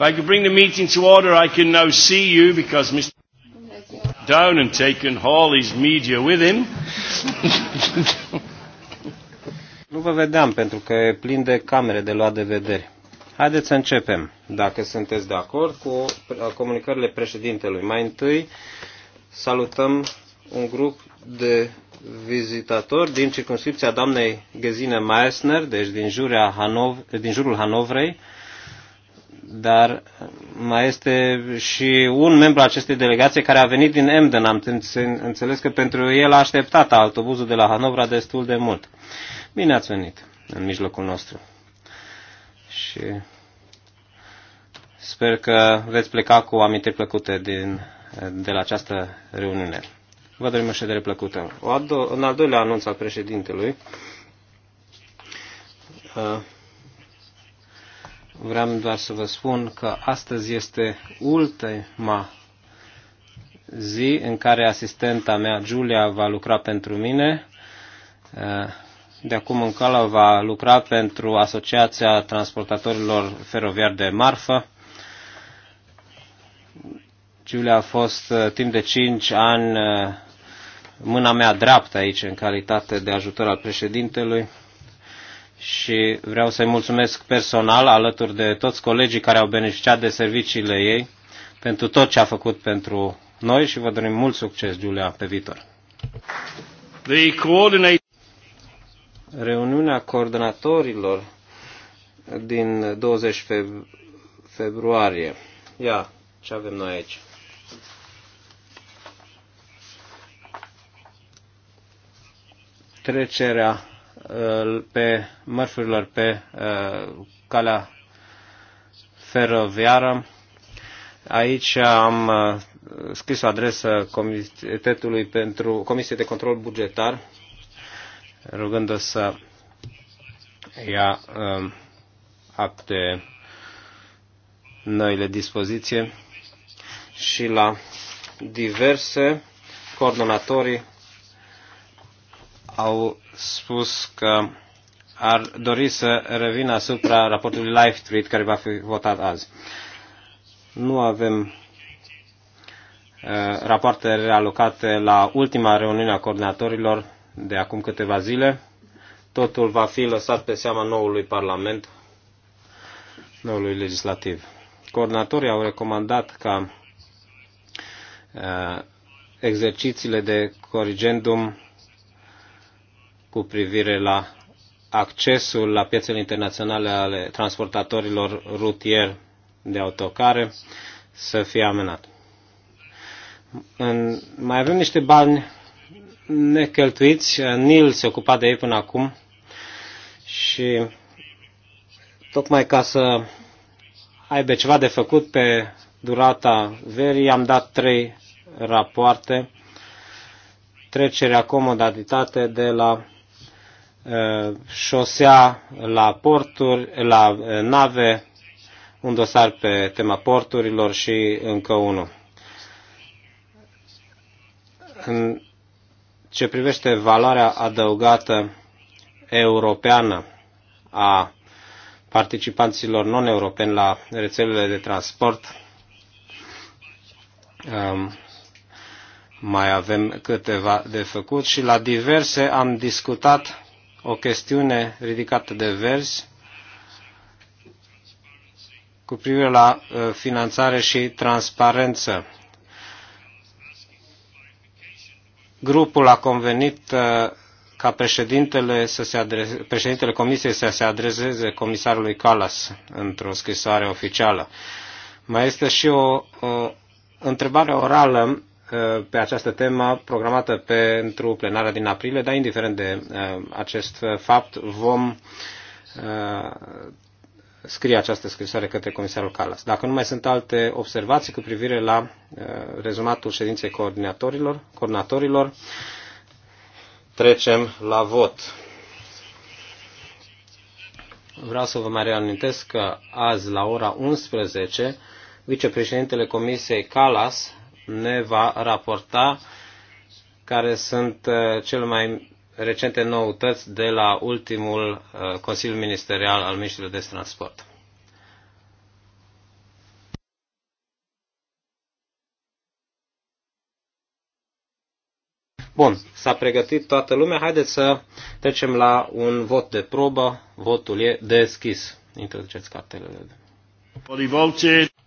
If I could bring the meeting to order, I can now see you because Mr. Down and taken all his media with him. nu vă vedeam pentru că e plin de camere de luat de vedere. Haideți să începem, dacă sunteți de acord, cu comunicările președintelui. Mai întâi salutăm un grup de vizitatori din circunscripția doamnei Gezine Meissner, deci din, jurea Hanov- din jurul Hanovrei, dar mai este și un membru acestei delegații care a venit din Emden. Am înțeles că pentru el a așteptat autobuzul de la Hanovra destul de mult. Bine ați venit în mijlocul nostru. Și sper că veți pleca cu amintiri plăcute din, de la această reuniune. Vă dorim o ședere plăcută. O ado- în al doilea anunț al președintelui. Uh, Vreau doar să vă spun că astăzi este ultima zi în care asistenta mea, Julia, va lucra pentru mine. De acum încolo va lucra pentru Asociația Transportatorilor Feroviari de Marfă. Giulia a fost uh, timp de 5 ani uh, mâna mea dreaptă aici în calitate de ajutor al președintelui și vreau să-i mulțumesc personal alături de toți colegii care au beneficiat de serviciile ei pentru tot ce a făcut pentru noi și vă dorim mult succes, Giulia, pe viitor. Reuniunea coordonatorilor din 20 feb- februarie. Ia, ce avem noi aici? Trecerea Uh, pe mărfurilor pe uh, calea feroviară. Aici am uh, scris o adresă Comitetului pentru Comisie de Control Bugetar, rugându să ia um, acte noile dispoziție. și la diverse coordonatorii au spus că ar dori să revină asupra raportului Live Treat care va fi votat azi. Nu avem uh, rapoarte realocate la ultima reuniune a coordonatorilor de acum câteva zile. Totul va fi lăsat pe seama noului Parlament, noului legislativ. Coordonatorii au recomandat ca uh, exercițiile de corigendum cu privire la accesul la piețele internaționale ale transportatorilor rutieri de autocare să fie amenat. În, mai avem niște bani necheltuiți. Nil se ocupa de ei până acum și tocmai ca să aibă ceva de făcut pe durata verii, am dat trei rapoarte, trecere, comodatitate de la Uh, șosea la porturi, la uh, nave, un dosar pe tema porturilor și încă unul. În ce privește valoarea adăugată europeană a participanților non-europeni la rețelele de transport, um, mai avem câteva de făcut și la diverse am discutat o chestiune ridicată de vers cu privire la uh, finanțare și transparență. Grupul a convenit uh, ca președintele, să se adreze, președintele Comisiei să se adreseze comisarului Calas într-o scrisoare oficială. Mai este și o, o întrebare orală pe această temă programată pentru plenarea din aprilie, dar indiferent de uh, acest fapt, vom uh, scrie această scrisoare către comisarul Calas. Dacă nu mai sunt alte observații cu privire la uh, rezumatul ședinței coordonatorilor, coordonatorilor trecem la vot. Vreau să vă mai reamintesc că azi, la ora 11, vicepreședintele Comisiei Calas ne va raporta care sunt uh, cele mai recente noutăți de la ultimul uh, Consiliu Ministerial al Ministrului de Transport. Bun, s-a pregătit toată lumea. Haideți să trecem la un vot de probă. Votul e deschis. Introduceți cartelele.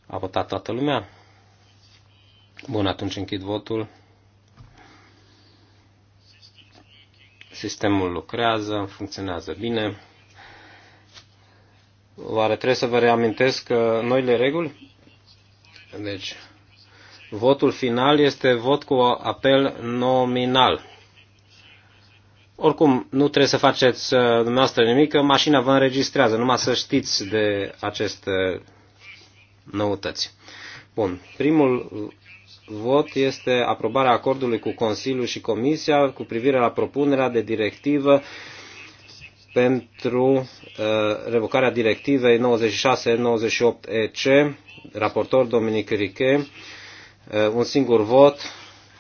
A votat toată lumea? Bun, atunci închid votul. Sistemul lucrează, funcționează bine. Oare trebuie să vă reamintesc noile reguli? Deci, votul final este vot cu apel nominal. Oricum, nu trebuie să faceți uh, dumneavoastră nimic, că mașina vă înregistrează, numai să știți de aceste noutăți. Bun, primul vot este aprobarea acordului cu Consiliul și Comisia cu privire la propunerea de directivă pentru uh, revocarea directivei 96-98-EC, raportor Dominic Riche, uh, un singur vot,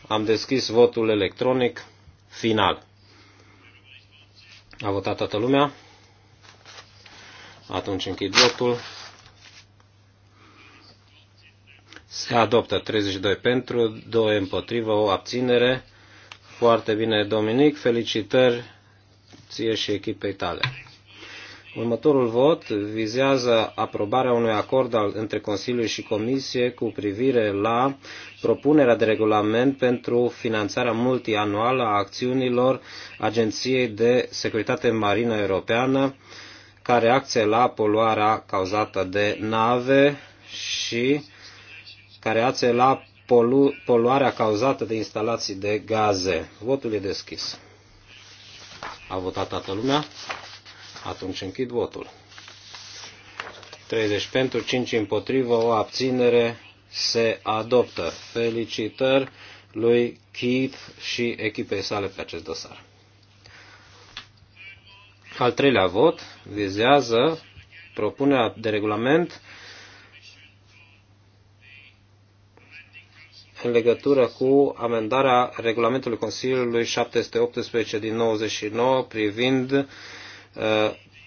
am deschis votul electronic final. A votat toată lumea. Atunci închid votul. Se adoptă 32 pentru, 2 împotrivă, o abținere. Foarte bine, Dominic. Felicitări ție și echipei tale. Următorul vot vizează aprobarea unui acord al, între Consiliu și Comisie cu privire la propunerea de regulament pentru finanțarea multianuală a acțiunilor Agenției de Securitate Marină Europeană, care acție la poluarea cauzată de nave și care ațe la polu- poluarea cauzată de instalații de gaze. Votul e deschis. A votat toată lumea? Atunci închid votul. 30 pentru, 5 împotrivă, o abținere se adoptă. Felicitări lui Keith și echipei sale pe acest dosar. Al treilea vot vizează propunerea de regulament în legătură cu amendarea regulamentului Consiliului 718 din 99 privind uh,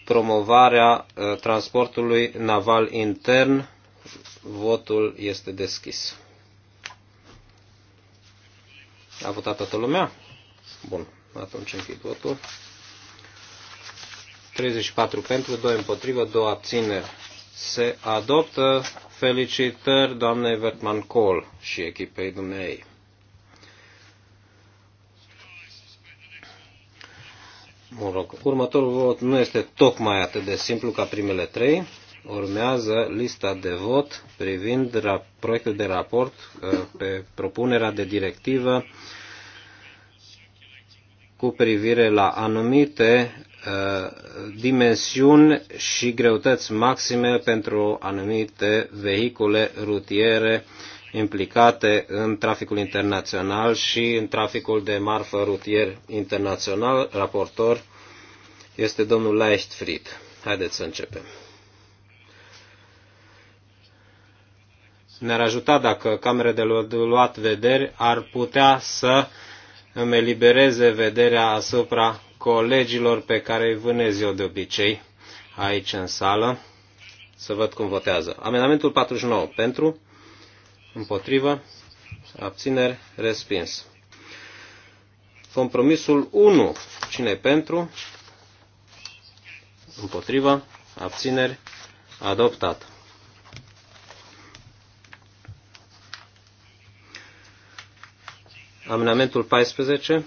promovarea uh, transportului naval intern. Votul este deschis. A votat toată lumea? Bun. Atunci închid votul. 34 pentru, 2 împotrivă, 2 abțineri se adoptă. Felicitări doamnei Vertman Col și echipei dumnei. Mă rog, următorul vot nu este tocmai atât de simplu ca primele trei. Urmează lista de vot privind proiectul de raport uh, pe propunerea de directivă cu privire la anumite Uh, dimensiuni și greutăți maxime pentru anumite vehicule rutiere implicate în traficul internațional și în traficul de marfă rutier internațional. Raportor este domnul Leichtfried. Haideți să începem. Ne-ar ajuta dacă Camera de luat vederi ar putea să îmi elibereze vederea asupra colegilor pe care îi vânez eu de obicei aici în sală. Să văd cum votează. Amendamentul 49 pentru, împotrivă, abțineri, respins. Compromisul 1, cine pentru, împotrivă, abțineri, adoptat. Amendamentul 14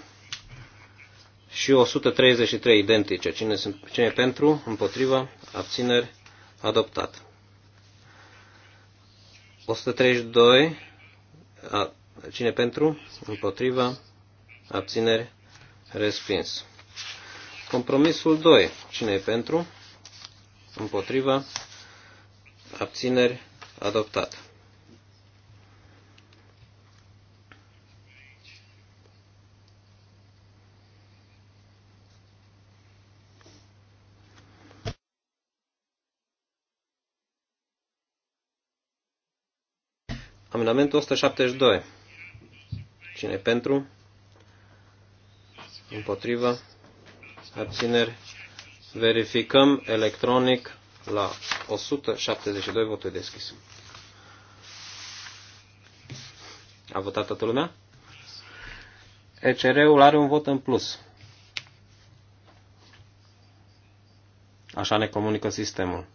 și 133 identice. Cine, sunt, cine e pentru, împotriva, abțineri, adoptat. 132, a, cine pentru, împotriva, abțineri, respins. Compromisul 2, cine e pentru, împotriva, abțineri, adoptat. Amendamentul 172. Cine pentru? Împotrivă? Abțineri? Verificăm electronic la 172 voturi deschis. A votat toată lumea? ECR-ul are un vot în plus. Așa ne comunică sistemul.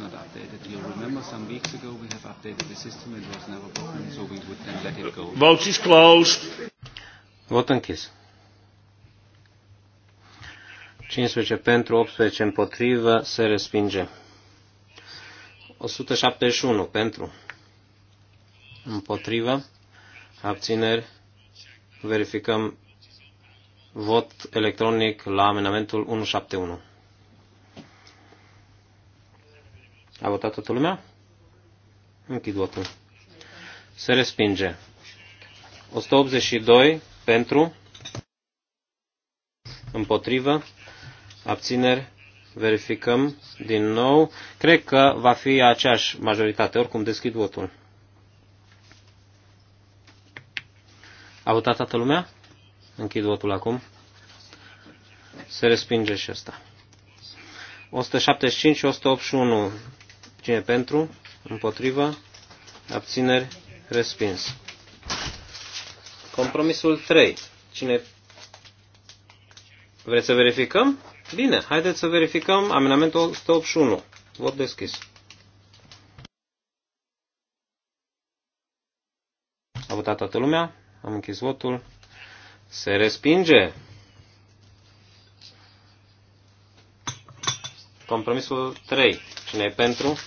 not updated. You remember some weeks ago we have updated the system. It was never broken, so we would then let it go. Vote is closed. Vot închis. 15 pentru, 18 împotrivă, se respinge. 171 pentru, împotrivă, abțineri, verificăm vot electronic la amenamentul 171. A votat toată lumea? Închid votul. Se respinge. 182 pentru, împotrivă, abțineri, verificăm din nou. Cred că va fi aceeași majoritate, oricum deschid votul. A votat toată lumea? Închid votul acum. Se respinge și asta. 175 și 181 Cine pentru? Împotrivă? Abțineri? Respins. Compromisul 3. Cine Vreți să verificăm? Bine, haideți să verificăm amenamentul 181. Vot deschis. A votat toată lumea. Am închis votul. Se respinge. Compromisul 3. Cine e pentru?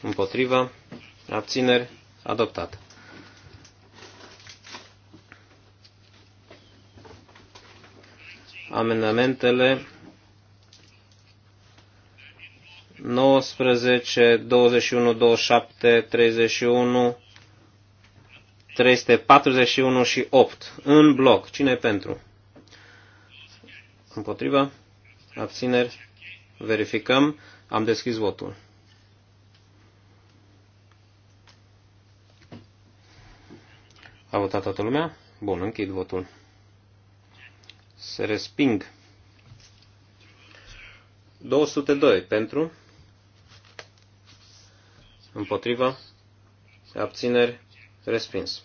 Împotriva? Abțineri? Adoptat. Amendamentele 19, 21, 27, 31, 341 și 8. În bloc. Cine e pentru? Împotriva? Abțineri? Verificăm. Am deschis votul. A votat toată lumea? Bun, închid votul. Se resping. 202 pentru. Împotriva. Abțineri. Respins.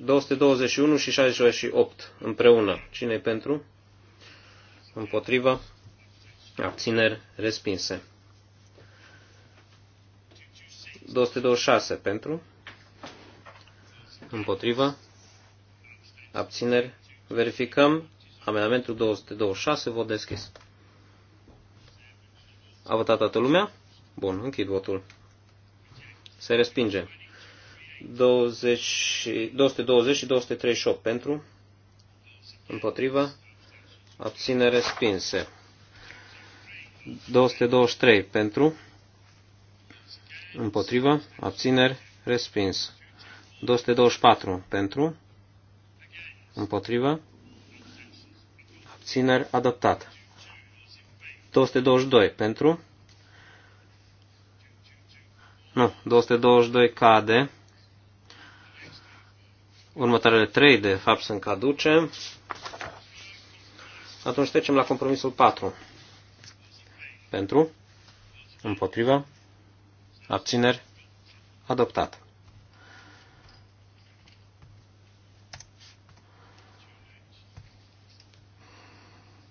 221 și 68 împreună. cine pentru? împotrivă, abțineri respinse. 226 pentru, împotrivă, abțineri, verificăm amendamentul 226, vot deschis. A votat toată lumea? Bun, închid votul. Se respinge. 20, 220 și 238 pentru, împotrivă, abține respinse. 223 pentru, împotrivă, abțineri, respins. 224 pentru, împotrivă, abțineri, adoptat. 222 pentru, nu, 222 cade. Următoarele 3, de fapt, sunt caduce. Atunci trecem la compromisul 4. Pentru, împotriva, abțineri, adoptat.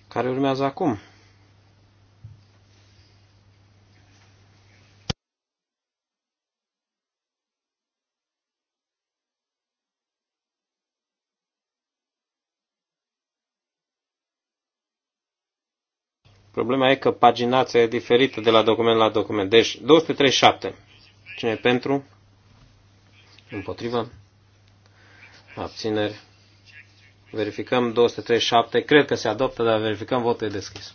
Care urmează acum? Problema e că paginația e diferită de la document la document. Deci, 237. Cine e pentru? Împotrivă? Abțineri? Verificăm 237. Cred că se adoptă, dar verificăm votul e deschis.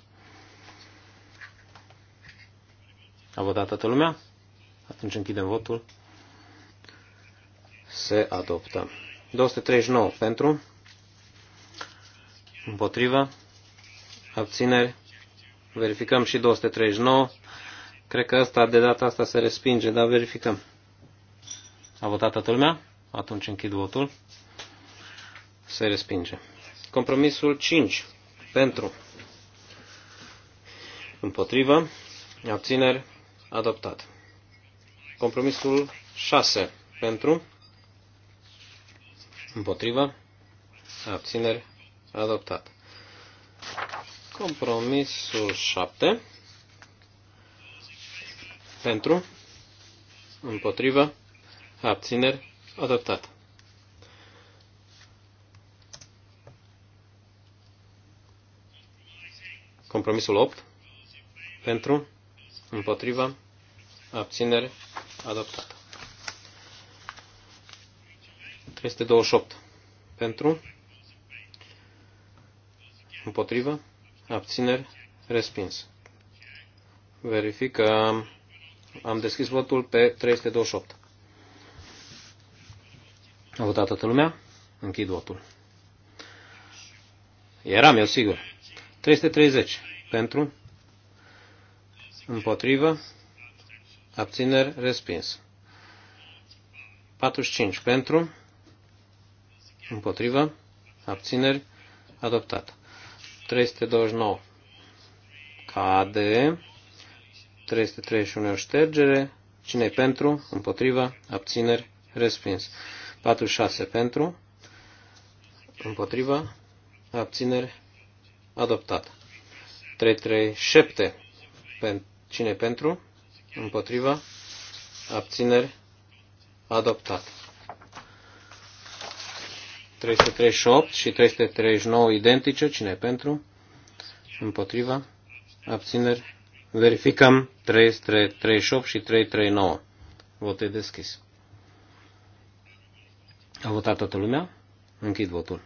A votat toată lumea? Atunci închidem votul. Se adoptă. 239 pentru. Împotrivă. Abțineri. Verificăm și 239. Cred că asta, de data asta se respinge, dar verificăm. A votat toată lumea? Atunci închid votul. Se respinge. Compromisul 5. Pentru. Împotrivă. Abțineri. Adoptat. Compromisul 6. Pentru. Împotrivă. Abțineri. Adoptat. Compromisul 7. Pentru. Împotrivă. Abțineri. Adoptat. Compromisul 8. Pentru. împotrivă, abțineri, Adoptat. 328. Pentru. împotrivă, abțineri, respins. Verificăm. Am deschis votul pe 328. A votat toată lumea? Închid votul. Eram eu sigur. 330 pentru, împotrivă, abțineri, respins. 45 pentru, împotrivă, abțineri, adoptată. 329 cade, 331 o ștergere, cine pentru, împotriva, abțineri, respins. 46 pentru, împotriva, abțineri, adoptat. 337 pentru, cine pentru, împotriva, abțineri, adoptat. 338 și 339 identice. Cine e pentru? Împotriva? Abțineri? Verificăm 338 și 339. Vot e deschis. A votat toată lumea? Închid votul.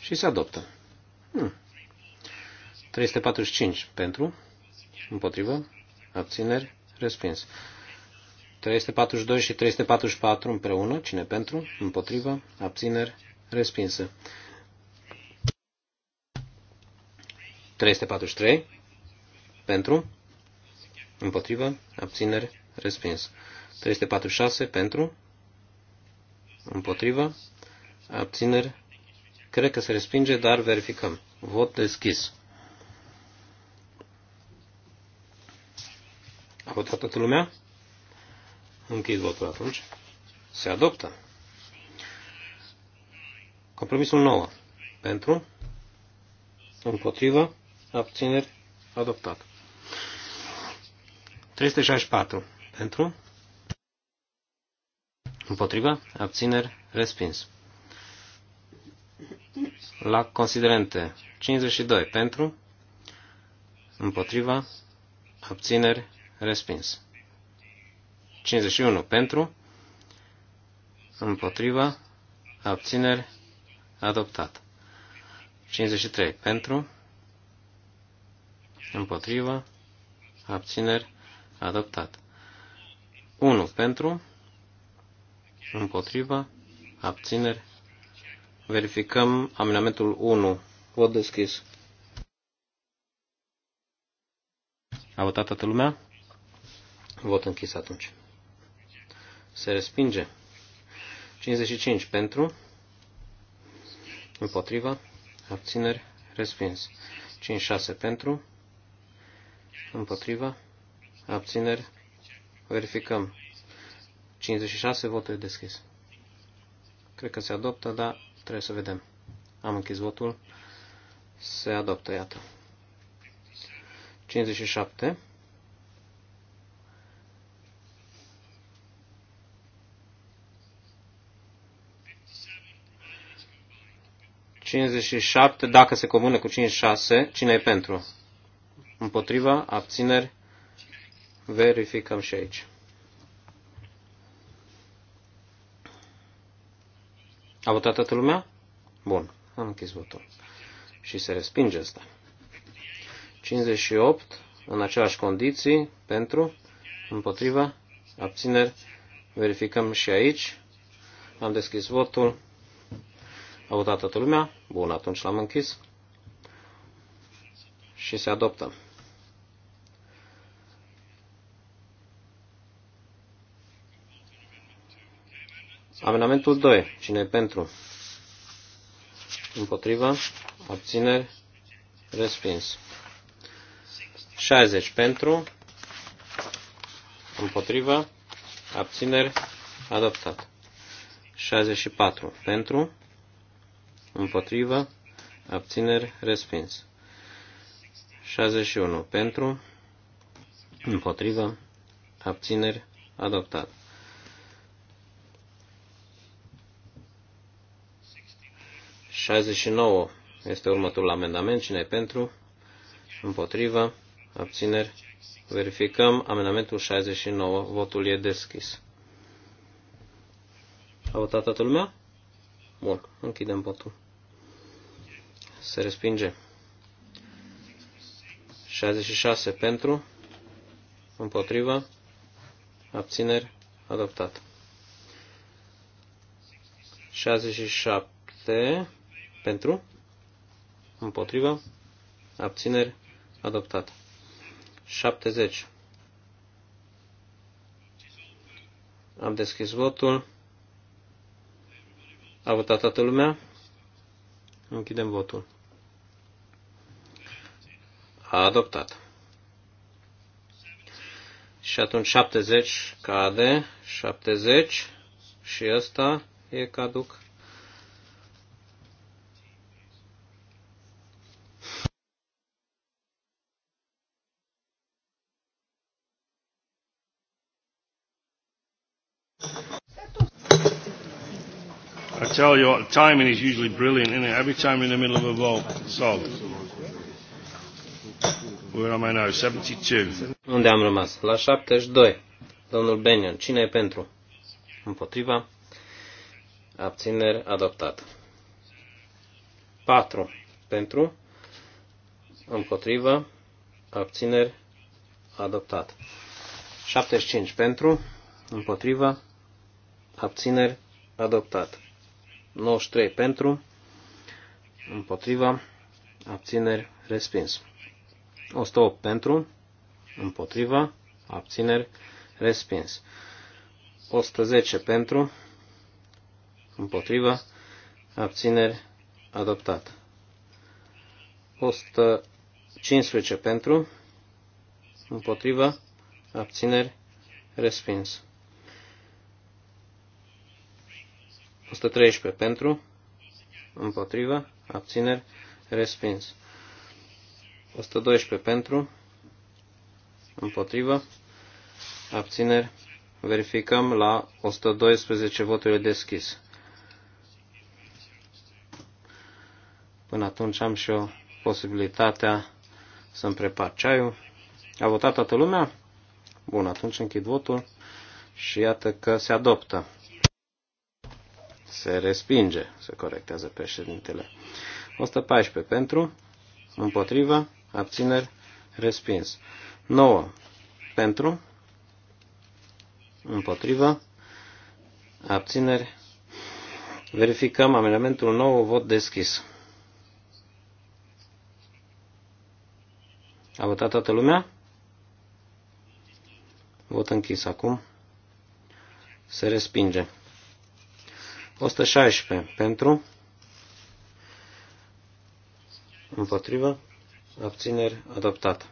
Și se adoptă. Hmm. 345 pentru, împotrivă, abțineri, respins. 342 și 344 împreună. Cine pentru? Împotrivă. Abțineri. Respinsă. 343. Pentru. Împotrivă. Abțineri. Respins. 346. Pentru. Împotrivă. Abțineri. Cred că se respinge, dar verificăm. Vot deschis. A votat toată lumea? Închid votul atunci. Se adoptă. Compromisul 9. Pentru. Împotrivă. Abțineri. Adoptat. 364. Pentru. Împotrivă. Abțineri. Respins. La considerente. 52. Pentru. Împotriva. Abțineri. Respins. 51 pentru, împotriva, abțineri, adoptat. 53 pentru, împotriva, abțineri, adoptat. 1 pentru, împotriva, abțineri. Verificăm amendamentul 1. Vot deschis. A votat toată lumea? Vot închis atunci se respinge. 55 pentru, împotriva, abțineri, respins. 56 pentru, împotriva, abțineri, verificăm. 56, votul e deschis. Cred că se adoptă, dar trebuie să vedem. Am închis votul. Se adoptă, iată. 57 57, dacă se comună cu 56, cine e pentru? Împotriva, abțineri, verificăm și aici. A votat toată lumea? Bun, am închis votul. Și se respinge asta. 58, în aceleași condiții, pentru, împotriva, abțineri, verificăm și aici. Am deschis votul. A votat toată lumea? Bun, atunci l-am închis. Și se adoptă. Amendamentul 2. Cine e pentru? Împotriva? Abțineri? Respins. 60 pentru, împotriva, abțineri, adoptat. 64 pentru, împotrivă, abțineri, respins. 61 pentru, împotrivă, abțineri, adoptat. 69 este următorul amendament. Cine e pentru? Împotrivă? Abțineri? Verificăm amendamentul 69. Votul e deschis. A votat toată lumea? Bun. Închidem votul se respinge. 66 pentru, împotriva, abțineri, adoptat. 67 pentru, împotriva, abțineri, adoptat. 70. Am deschis votul. A votat toată lumea. Închidem votul a adoptat. Și atunci 70 cade, 70 și ăsta e caduc. I tell you, timing is usually brilliant, isn't it? Every time in the middle of a vote. So, unde am rămas? La 72. Domnul Benion, cine e pentru? Împotriva. Abțineri adoptat. 4. Pentru. Împotriva. Abțineri adoptat. 75 pentru, împotriva, abțineri, adoptat. 93 pentru, împotriva, abțineri, respins. 108 pentru, împotriva, abțineri, respins. 110 pentru, împotriva, abțineri, adoptat. 115 pentru, împotriva, abțineri, respins. 113 pentru, împotriva, abțineri, respins. 112 pentru, împotrivă, abțineri, verificăm la 112 voturile deschis. Până atunci am și eu posibilitatea să-mi prepar ceaiul. A votat toată lumea? Bun, atunci închid votul și iată că se adoptă. Se respinge, se corectează președintele. 114 pentru, împotriva, abțineri, respins. 9 pentru, Împotrivă? abțineri, verificăm amendamentul 9, vot deschis. A votat toată lumea? Vot închis acum. Se respinge. 116 pentru, Împotrivă? abțineri, adoptat.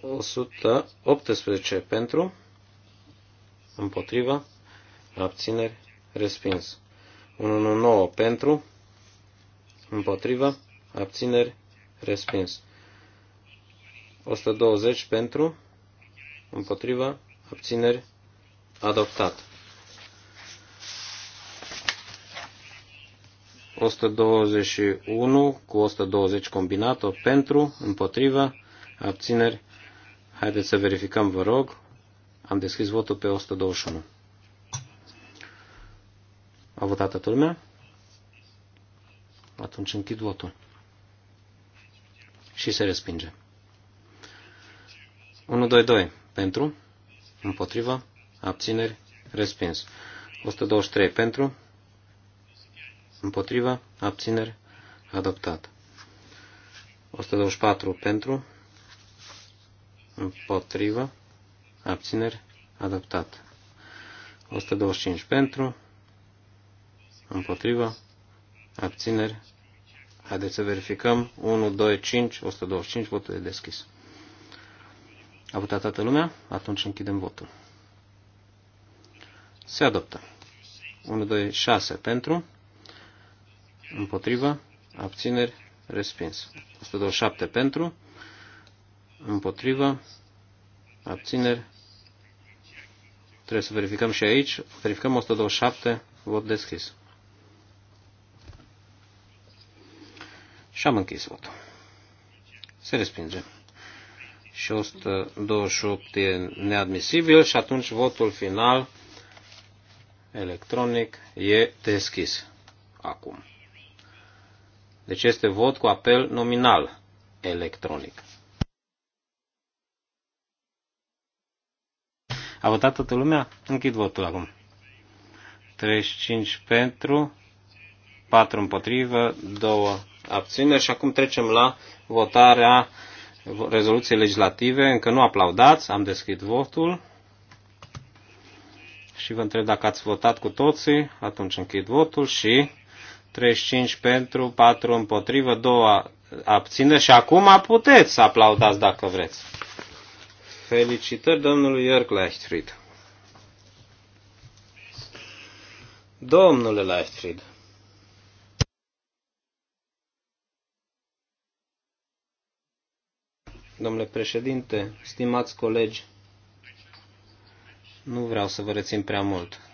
118 pentru, împotriva, abțineri, respins. 119 pentru, împotriva, abțineri, respins. 120 pentru, împotriva, abțineri, adoptat. 121 cu 120 combinat pentru, împotrivă, abțineri. Haideți să verificăm, vă rog. Am deschis votul pe 121. A votat toată lumea? Atunci închid votul. Și se respinge. 122 pentru, împotrivă, abțineri, respins. 123 pentru, împotriva, abțineri, adoptat. 124 pentru, împotriva, abțineri, adoptat. 125 pentru, împotriva, abțineri. Haideți să verificăm. 1, 2, 5, 125, votul e deschis. A votat toată lumea? Atunci închidem votul. Se adoptă. 1, 2, 6 pentru, împotriva, abțineri, respins. 127 pentru, împotriva, abțineri, trebuie să verificăm și aici, verificăm 127, vot deschis. Și am închis votul. Se respinge. Și 128 e neadmisibil și atunci votul final electronic e deschis acum. Deci este vot cu apel nominal electronic. A votat toată lumea? Închid votul acum. 35 pentru, 4 împotrivă, 2 abțineri și acum trecem la votarea rezoluției legislative. Încă nu aplaudați, am deschis votul și vă întreb dacă ați votat cu toții, atunci închid votul și 35 pentru, 4 împotrivă, 2 abține și acum puteți să aplaudați dacă vreți. Felicitări domnului Jörg Leichtfried. Domnule Leichtfried. Domnule președinte, stimați colegi, nu vreau să vă rețin prea mult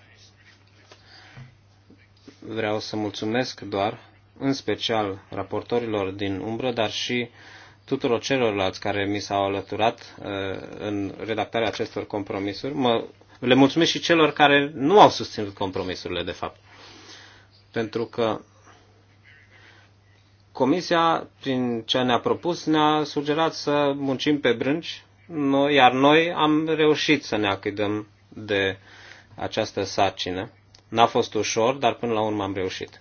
vreau să mulțumesc doar, în special raportorilor din umbră, dar și tuturor celorlalți care mi s-au alăturat uh, în redactarea acestor compromisuri. Mă, le mulțumesc și celor care nu au susținut compromisurile, de fapt. Pentru că Comisia, prin ce ne-a propus, ne-a sugerat să muncim pe brânci, noi, iar noi am reușit să ne achidăm de această sarcină. N-a fost ușor, dar până la urmă am reușit.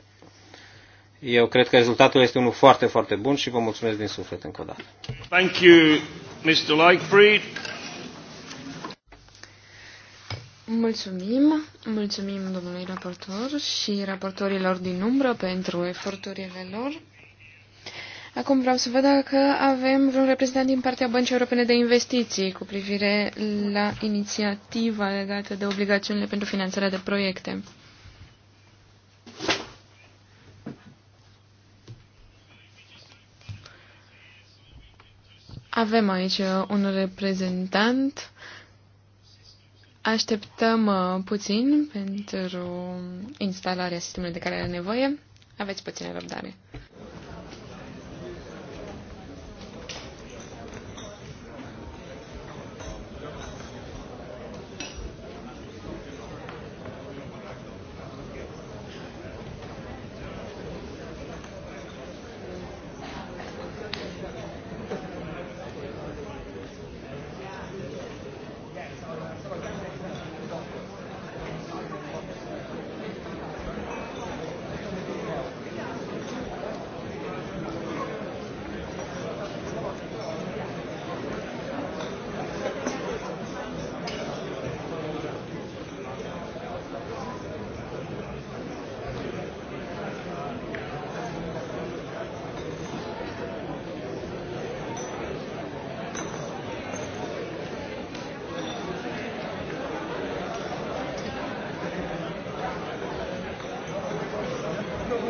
Eu cred că rezultatul este unul foarte, foarte bun și vă mulțumesc din suflet încă o dată. Thank you, Mr. Lightfried. Mulțumim, mulțumim domnului raportor și raportorilor din umbră pentru eforturile lor. Acum vreau să văd dacă avem vreun reprezentant din partea Băncii Europene de Investiții cu privire la inițiativa legată de obligațiunile pentru finanțarea de proiecte. Avem aici uh, un reprezentant. Așteptăm uh, puțin pentru instalarea sistemului de care are nevoie. Aveți puțină răbdare.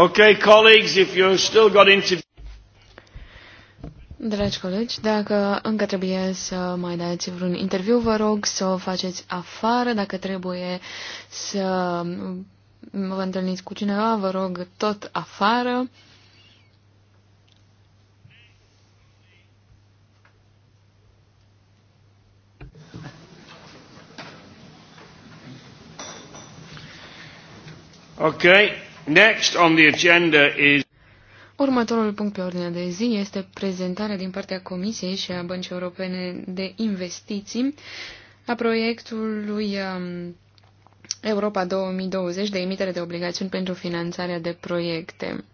Okay, colleagues, if you still got interview... Dragi colegi, dacă încă trebuie să mai dați vreun interviu, vă rog să o faceți afară. Dacă trebuie să vă întâlniți cu cineva, vă rog tot afară. Okay. Next on the agenda is... Următorul punct pe ordinea de zi este prezentarea din partea Comisiei și a Băncii Europene de Investiții a proiectului um, Europa 2020 de emitere de obligațiuni pentru finanțarea de proiecte.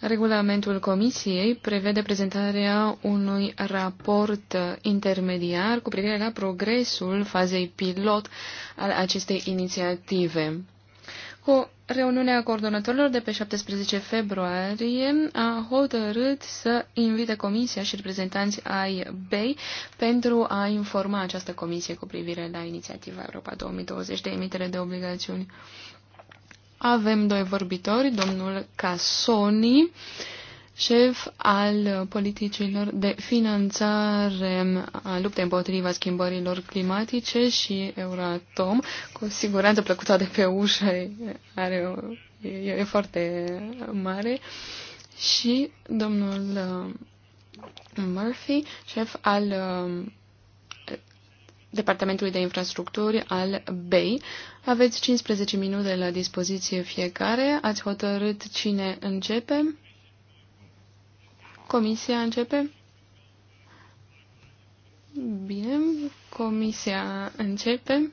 Regulamentul Comisiei prevede prezentarea unui raport intermediar cu privire la progresul fazei pilot al acestei inițiative cu reuniunea coordonatorilor de pe 17 februarie a hotărât să invite comisia și reprezentanți ai BEI pentru a informa această comisie cu privire la inițiativa Europa 2020 de emitere de obligațiuni. Avem doi vorbitori, domnul Casoni, șef al politicilor de finanțare a luptei împotriva schimbărilor climatice și Euratom. Cu siguranță plăcuta de pe ușă are o, e, e foarte mare. Și domnul uh, Murphy, șef al uh, Departamentului de Infrastructuri al BEI. Aveți 15 minute la dispoziție fiecare. Ați hotărât cine începe. Comisia începe? Bine, comisia începe.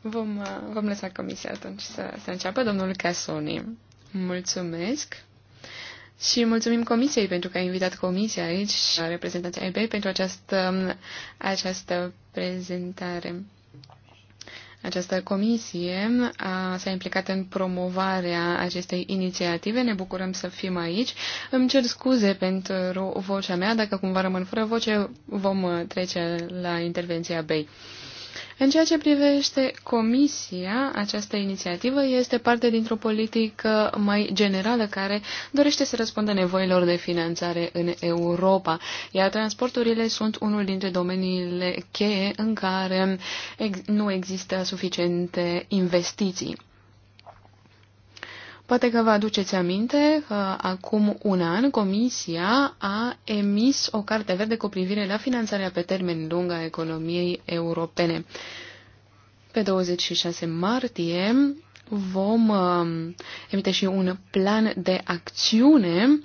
Vom, uh, vom lăsa comisia atunci să, să înceapă. Domnul Casoni, mulțumesc. Și mulțumim comisiei pentru că a invitat comisia aici și reprezentanții EB pentru această, această prezentare. Această comisie s-a implicat în promovarea acestei inițiative. Ne bucurăm să fim aici. Îmi cer scuze pentru vocea mea. Dacă cumva rămân fără voce, vom uh, trece la intervenția BEI. În ceea ce privește Comisia, această inițiativă este parte dintr-o politică mai generală care dorește să răspundă nevoilor de finanțare în Europa, iar transporturile sunt unul dintre domeniile cheie în care nu există suficiente investiții. Poate că vă aduceți aminte că acum un an Comisia a emis o carte verde cu privire la finanțarea pe termen lung a economiei europene. Pe 26 martie vom uh, emite și un plan de acțiune uh,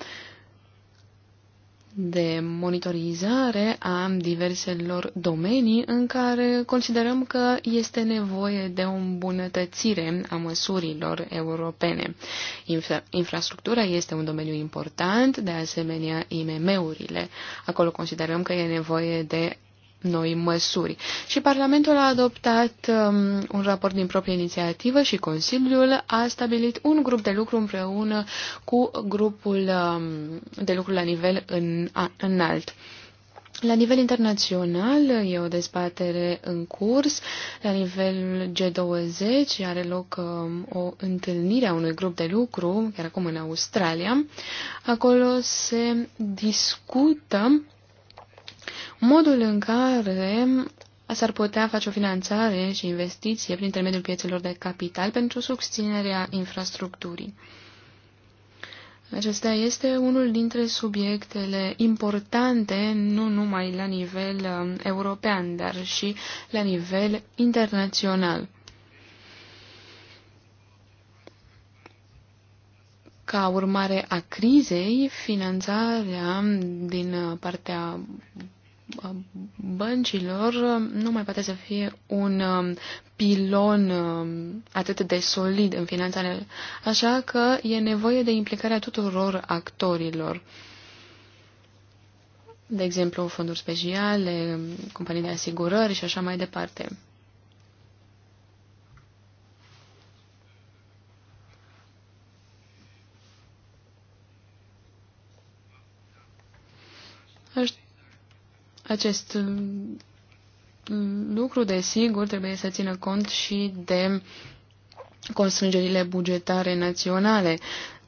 de monitorizare a diverselor domenii în care considerăm că este nevoie de o îmbunătățire a măsurilor europene. Infra infrastructura este un domeniu important, de asemenea IMM-urile. Acolo considerăm că e nevoie de noi măsuri. Și Parlamentul a adoptat um, un raport din proprie inițiativă și Consiliul a stabilit un grup de lucru împreună cu grupul um, de lucru la nivel în, a, înalt. La nivel internațional e o dezbatere în curs. La nivel G20 are loc um, o întâlnire a unui grup de lucru, chiar acum în Australia. Acolo se discută modul în care s-ar putea face o finanțare și investiție prin intermediul piețelor de capital pentru susținerea infrastructurii. Acesta este unul dintre subiectele importante, nu numai la nivel um, european, dar și la nivel internațional. Ca urmare a crizei, finanțarea um, din uh, partea băncilor nu mai poate să fie un um, pilon um, atât de solid în finanțare, așa că e nevoie de implicarea tuturor actorilor. De exemplu, fonduri speciale, um, companii de asigurări și așa mai departe. Acest uh, lucru, desigur, trebuie să țină cont și de constrângerile bugetare naționale.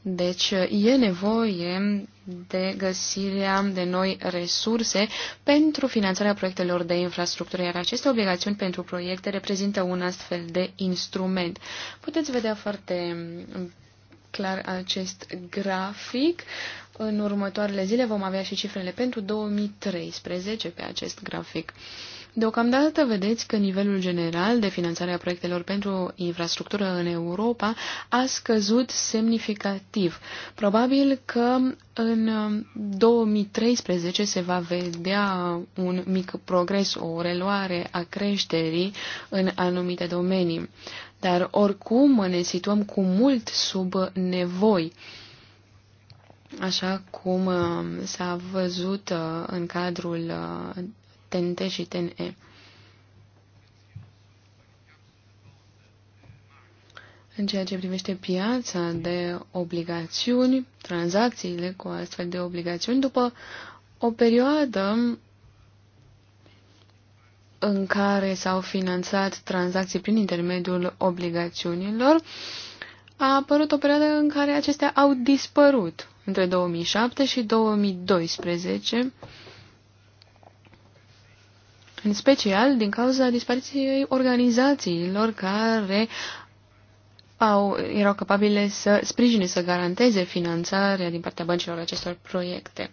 Deci e nevoie de găsirea de noi resurse pentru finanțarea proiectelor de infrastructură, iar aceste obligațiuni pentru proiecte reprezintă un astfel de instrument. Puteți vedea foarte clar acest grafic. În următoarele zile vom avea și cifrele pentru 2013 pe acest grafic. Deocamdată vedeți că nivelul general de finanțare a proiectelor pentru infrastructură în Europa a scăzut semnificativ. Probabil că în 2013 se va vedea un mic progres, o reluare a creșterii în anumite domenii dar oricum ne situăm cu mult sub nevoi așa cum uh, s-a văzut uh, în cadrul TNT uh, și TNE. În ceea ce privește piața de obligațiuni, tranzacțiile cu astfel de obligațiuni, după o perioadă în care s-au finanțat tranzacții prin intermediul obligațiunilor, a apărut o perioadă în care acestea au dispărut între 2007 și 2012, în special din cauza dispariției organizațiilor care au, erau capabile să sprijine, să garanteze finanțarea din partea băncilor acestor proiecte.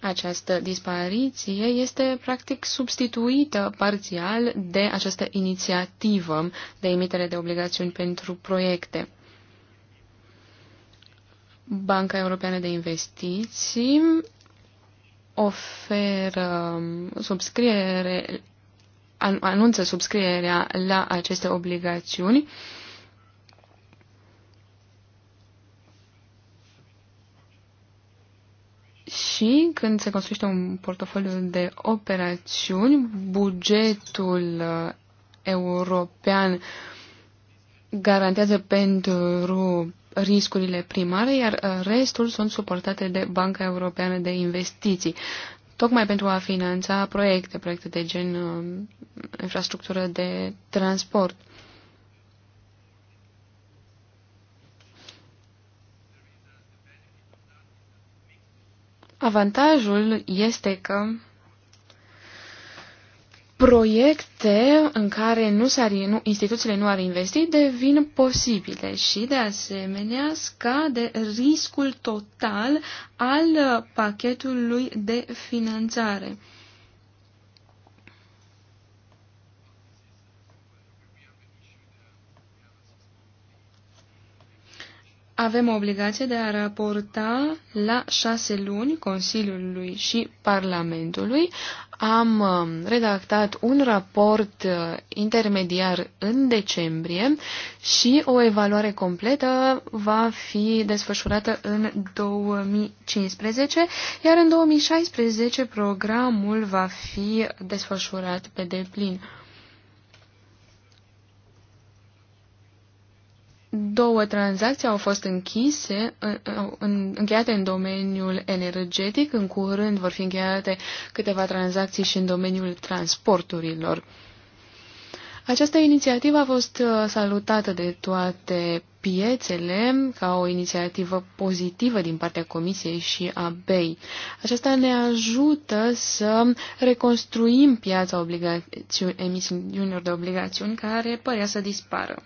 Această dispariție este practic substituită parțial de această inițiativă de emitere de obligațiuni pentru proiecte. Banca Europeană de Investiții oferă subscriere, anunță subscrierea la aceste obligațiuni Și când se construiește un portofoliu de operațiuni, bugetul uh, european garantează pentru riscurile primare, iar uh, restul sunt suportate de Banca Europeană de Investiții, tocmai pentru a finanța proiecte, proiecte de gen uh, infrastructură de transport. Avantajul este că proiecte în care nu ar nu, instituțiile nu ar investi devin posibile și, de asemenea, scade riscul total al pachetului de finanțare. avem obligația de a raporta la șase luni Consiliului și Parlamentului. Am um, redactat un raport uh, intermediar în decembrie și o evaluare completă va fi desfășurată în 2015, iar în 2016 programul va fi desfășurat pe deplin. două tranzacții au fost închise, în, încheiate în domeniul energetic, în curând vor fi încheiate câteva tranzacții și în domeniul transporturilor. Această inițiativă a fost uh, salutată de toate piețele ca o inițiativă pozitivă din partea Comisiei și a BEI. Aceasta ne ajută să reconstruim piața emisiunilor de obligațiuni care părea să dispară.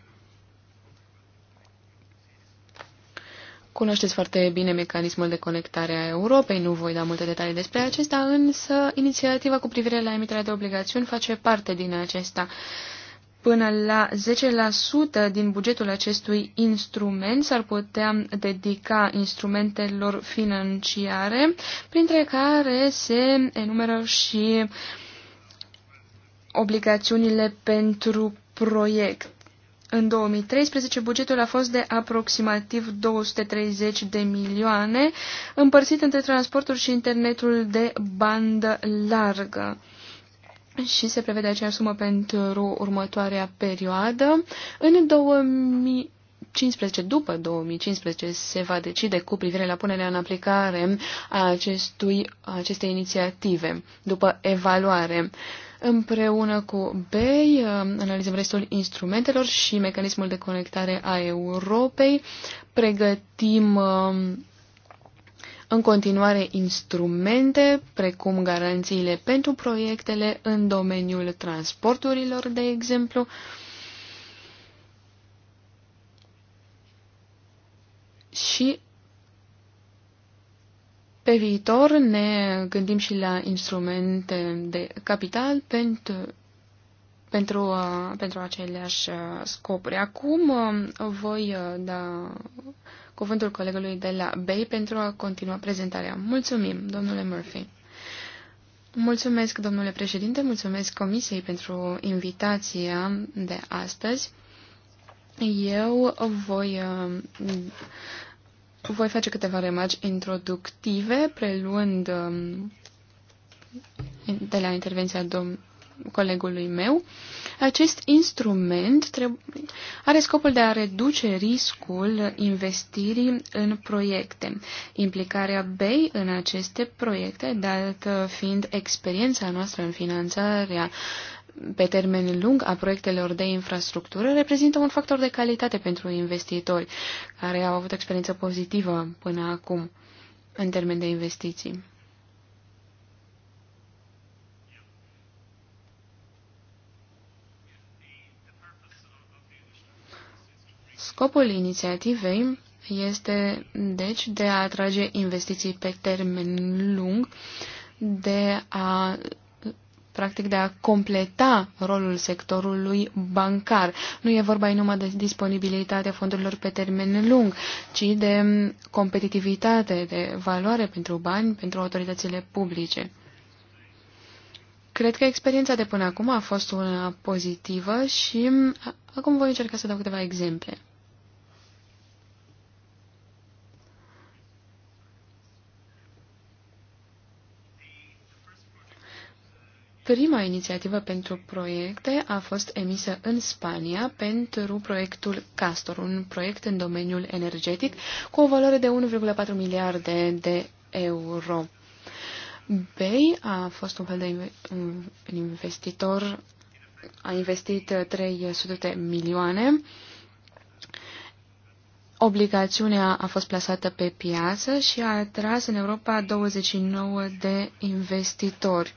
Cunoașteți foarte bine mecanismul de conectare a Europei, nu voi da multe detalii despre acesta, însă inițiativa cu privire la emiterea de obligațiuni face parte din acesta. Până la 10% din bugetul acestui instrument s-ar putea dedica instrumentelor financiare, printre care se enumeră și obligațiunile pentru proiect. În 2013 bugetul a fost de aproximativ 230 de milioane, împărțit între transportul și internetul de bandă largă. Și se prevede aceeași sumă pentru următoarea perioadă. În 2000 2015, după 2015, se va decide cu privire la punerea în aplicare a, acestui, a acestei inițiative, după evaluare. Uh, Împreună cu BEI uh, analizăm restul instrumentelor și mecanismul de conectare a Europei. Pregătim uh, în continuare instrumente precum garanțiile pentru proiectele în domeniul transporturilor, de exemplu. Și pe viitor ne gândim și la instrumente de capital pentru, pentru, uh, pentru aceleași uh, scopuri. Acum uh, voi da cuvântul colegului de la BEI pentru a continua prezentarea. Mulțumim, domnule Murphy. Mulțumesc, domnule președinte, mulțumesc Comisiei pentru invitația de astăzi. Eu voi voi face câteva remarci introductive, preluând um, de la intervenția domnului colegului meu, acest instrument are scopul de a reduce riscul investirii în proiecte. Implicarea BEI în aceste proiecte, dată fiind experiența noastră în finanțarea pe termen lung a proiectelor de infrastructură reprezintă un factor de calitate pentru investitori care au avut experiență pozitivă până acum în termen de investiții. Scopul inițiativei este, deci, de a atrage investiții pe termen lung, de a practic de a completa rolul sectorului bancar. Nu e vorba numai de disponibilitatea fondurilor pe termen lung, ci de competitivitate, de valoare pentru bani, pentru autoritățile publice. Cred că experiența de până acum a fost una pozitivă și acum voi încerca să dau câteva exemple. Prima inițiativă pentru proiecte a fost emisă în Spania pentru proiectul Castor, un proiect în domeniul energetic cu o valoare de 1,4 miliarde de euro. Bay a fost un fel de investitor, a investit 300 milioane Obligațiunea a fost plasată pe piață și a atras în Europa 29 de investitori.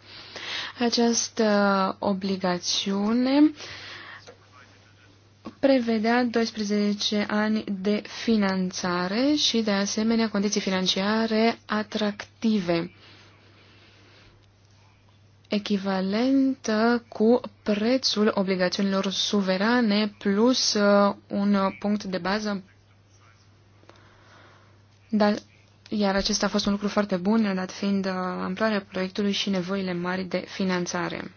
Această obligațiune prevedea 12 ani de finanțare și, de asemenea, condiții financiare atractive, echivalentă cu prețul obligațiunilor suverane plus uh, un punct de bază dar, iar acesta a fost un lucru foarte bun, dat fiind uh, amploarea proiectului și nevoile mari de finanțare.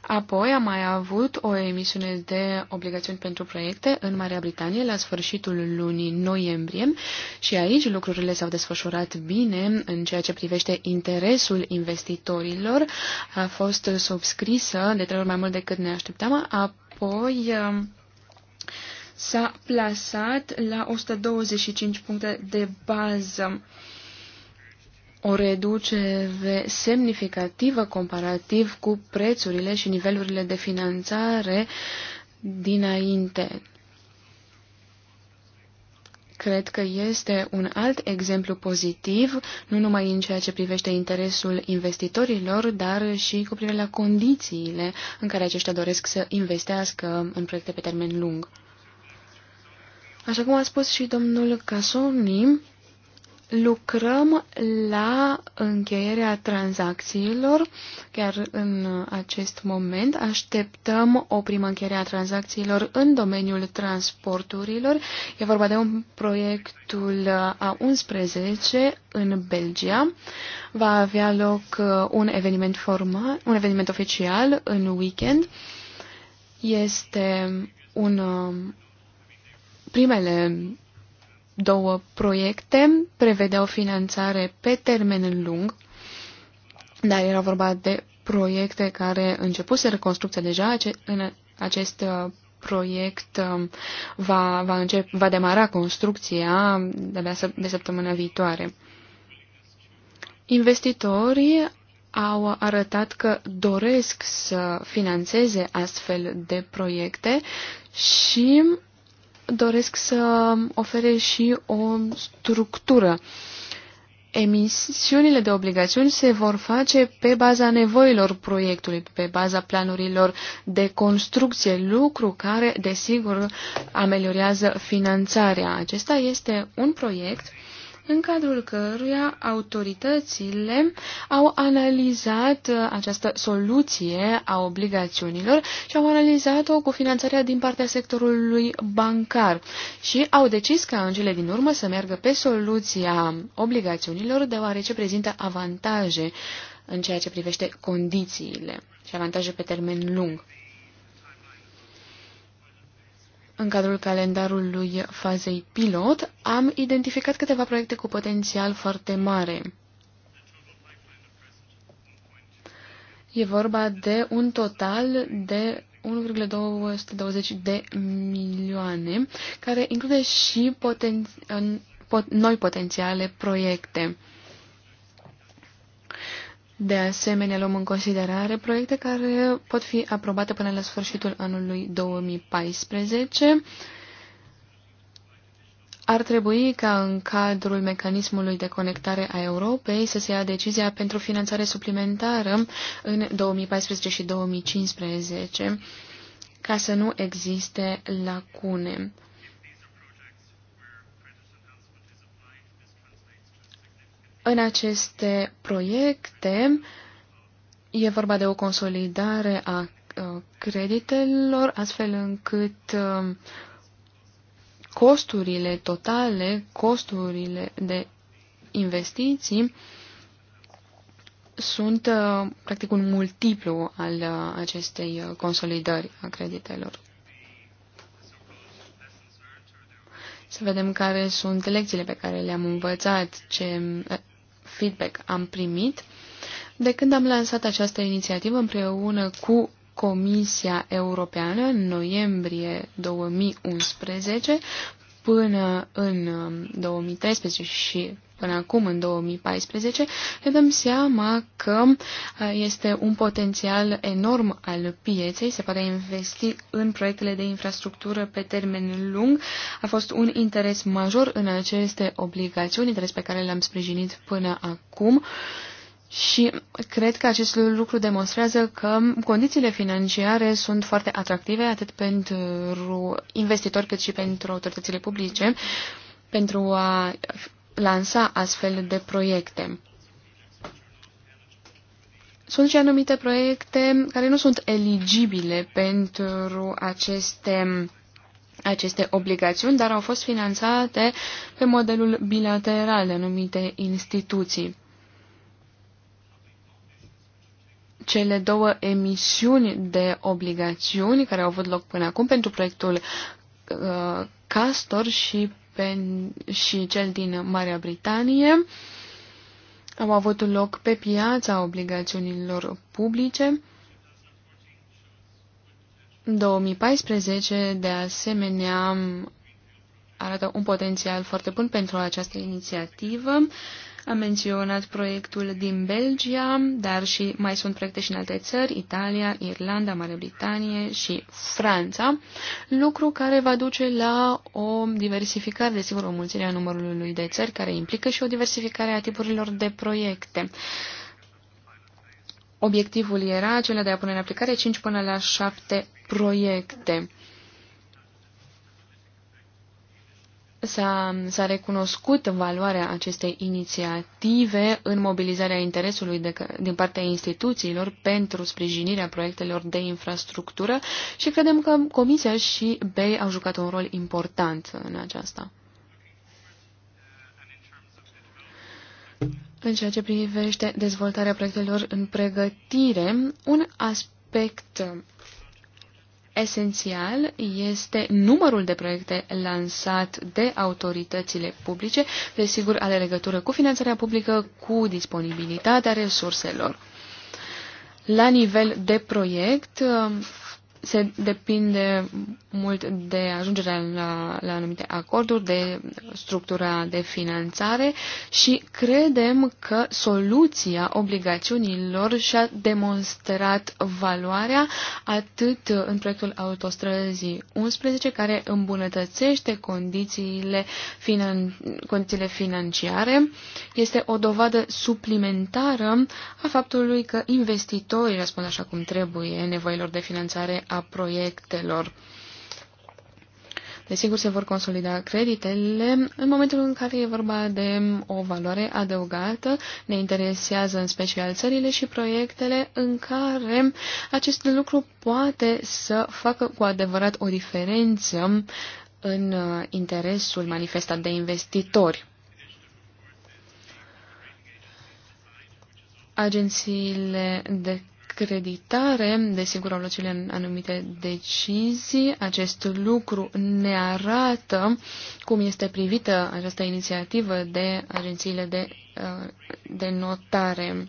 Apoi am mai avut o emisiune de obligațiuni pentru proiecte în Marea Britanie la sfârșitul lunii noiembrie și aici lucrurile s-au desfășurat bine în ceea ce privește interesul investitorilor. A fost subscrisă de trei ori mai mult decât ne așteptam. Apoi uh, s-a plasat la 125 puncte de bază, o reducere semnificativă comparativ cu prețurile și nivelurile de finanțare dinainte. Cred că este un alt exemplu pozitiv, nu numai în ceea ce privește interesul investitorilor, dar și cu privire la condițiile în care aceștia doresc să investească în proiecte pe termen lung. Așa cum a spus și domnul Casoni, lucrăm la încheierea tranzacțiilor. Chiar în acest moment așteptăm o primă încheiere a tranzacțiilor în domeniul transporturilor. E vorba de un proiectul A11 în Belgia. Va avea loc uh, un eveniment formal, un eveniment oficial în weekend. Este un uh, primele două proiecte prevedeau finanțare pe termen lung, dar era vorba de proiecte care începuse reconstrucția deja în acest uh, proiect uh, va, va, încep, va demara construcția de, de săptămâna viitoare. Investitorii au arătat că doresc să financeze astfel de proiecte și doresc să ofere și o structură. Emisiunile de obligațiuni se vor face pe baza nevoilor proiectului, pe baza planurilor de construcție, lucru care, desigur, ameliorează finanțarea. Acesta este un proiect uh, în cadrul căruia autoritățile au analizat uh, această soluție a obligațiunilor și au analizat-o cu finanțarea din partea sectorului bancar și au decis ca în cele din urmă să meargă pe soluția obligațiunilor deoarece prezintă avantaje în ceea ce privește condițiile și avantaje pe termen lung. În cadrul calendarului fazei pilot, am identificat câteva proiecte cu potențial foarte mare. E vorba de un total de 1,220 de milioane, care include și poten- noi potențiale proiecte. De asemenea, luăm în considerare proiecte care pot fi aprobate până la sfârșitul anului 2014. Ar trebui ca în cadrul mecanismului de conectare a Europei să se ia decizia pentru finanțare suplimentară în 2014 și 2015 ca să nu existe lacune. În aceste proiecte e vorba de o consolidare a uh, creditelor, astfel încât um, costurile totale, costurile de investiții sunt uh, practic un multiplu al uh, acestei consolidări a creditelor. Să vedem care sunt lecțiile pe care le-am învățat, ce feedback am primit de când am lansat această inițiativă împreună cu Comisia Europeană în noiembrie 2011 până în 2013 um, și până acum, în 2014, ne dăm seama că uh, este un potențial enorm al pieței. Se poate investi în proiectele de infrastructură pe termen lung. A fost un interes major în aceste obligațiuni, interes pe care l-am sprijinit până acum. Și cred că acest lucru demonstrează că condițiile financiare sunt foarte atractive atât pentru investitori cât și pentru autoritățile publice pentru a lansa astfel de proiecte. Sunt și anumite proiecte care nu sunt eligibile pentru aceste, aceste obligațiuni, dar au fost finanțate pe modelul bilateral de anumite instituții. cele două emisiuni de obligațiuni care au avut loc până acum pentru proiectul uh, Castor și European și cel din Marea Britanie au avut loc pe piața obligațiunilor publice. 2014, de asemenea, arată un potențial foarte bun pentru această inițiativă. Am menționat proiectul din Belgia, dar și mai sunt proiecte și în alte țări, Italia, Irlanda, Marea Britanie și Franța, lucru care va duce la o diversificare, desigur, o mulțime a numărului de țări, care implică și o diversificare a tipurilor de proiecte. Obiectivul era acela de a pune în aplicare 5 până la 7 proiecte. s-a, recunoscut valoarea acestei inițiative în mobilizarea interesului de, din partea instituțiilor pentru sprijinirea proiectelor de infrastructură și credem că Comisia și BEI au jucat un rol important în aceasta. În ceea ce privește dezvoltarea proiectelor în pregătire, un aspect Esențial este numărul de proiecte lansat de autoritățile publice, desigur, ale legătură cu finanțarea publică, cu disponibilitatea resurselor. La nivel de proiect, se depinde mult de ajungerea la, la anumite acorduri, de structura de finanțare și credem că soluția obligațiunilor și-a demonstrat valoarea atât în proiectul autostrăzii 11, care îmbunătățește condițiile, finan, condițiile financiare, este o dovadă suplimentară a faptului că investitorii răspund așa cum trebuie nevoilor de finanțare a proiectelor. Desigur, se vor consolida creditele în momentul în care e vorba de o valoare adăugată. Ne interesează în special țările și proiectele în care acest lucru poate să facă cu adevărat o diferență în uh, interesul manifestat de investitori. Agențiile de discreditare, desigur, au luat cele anumite decizii. Acest lucru ne arată cum este privită această inițiativă de agențiile de, uh, de notare.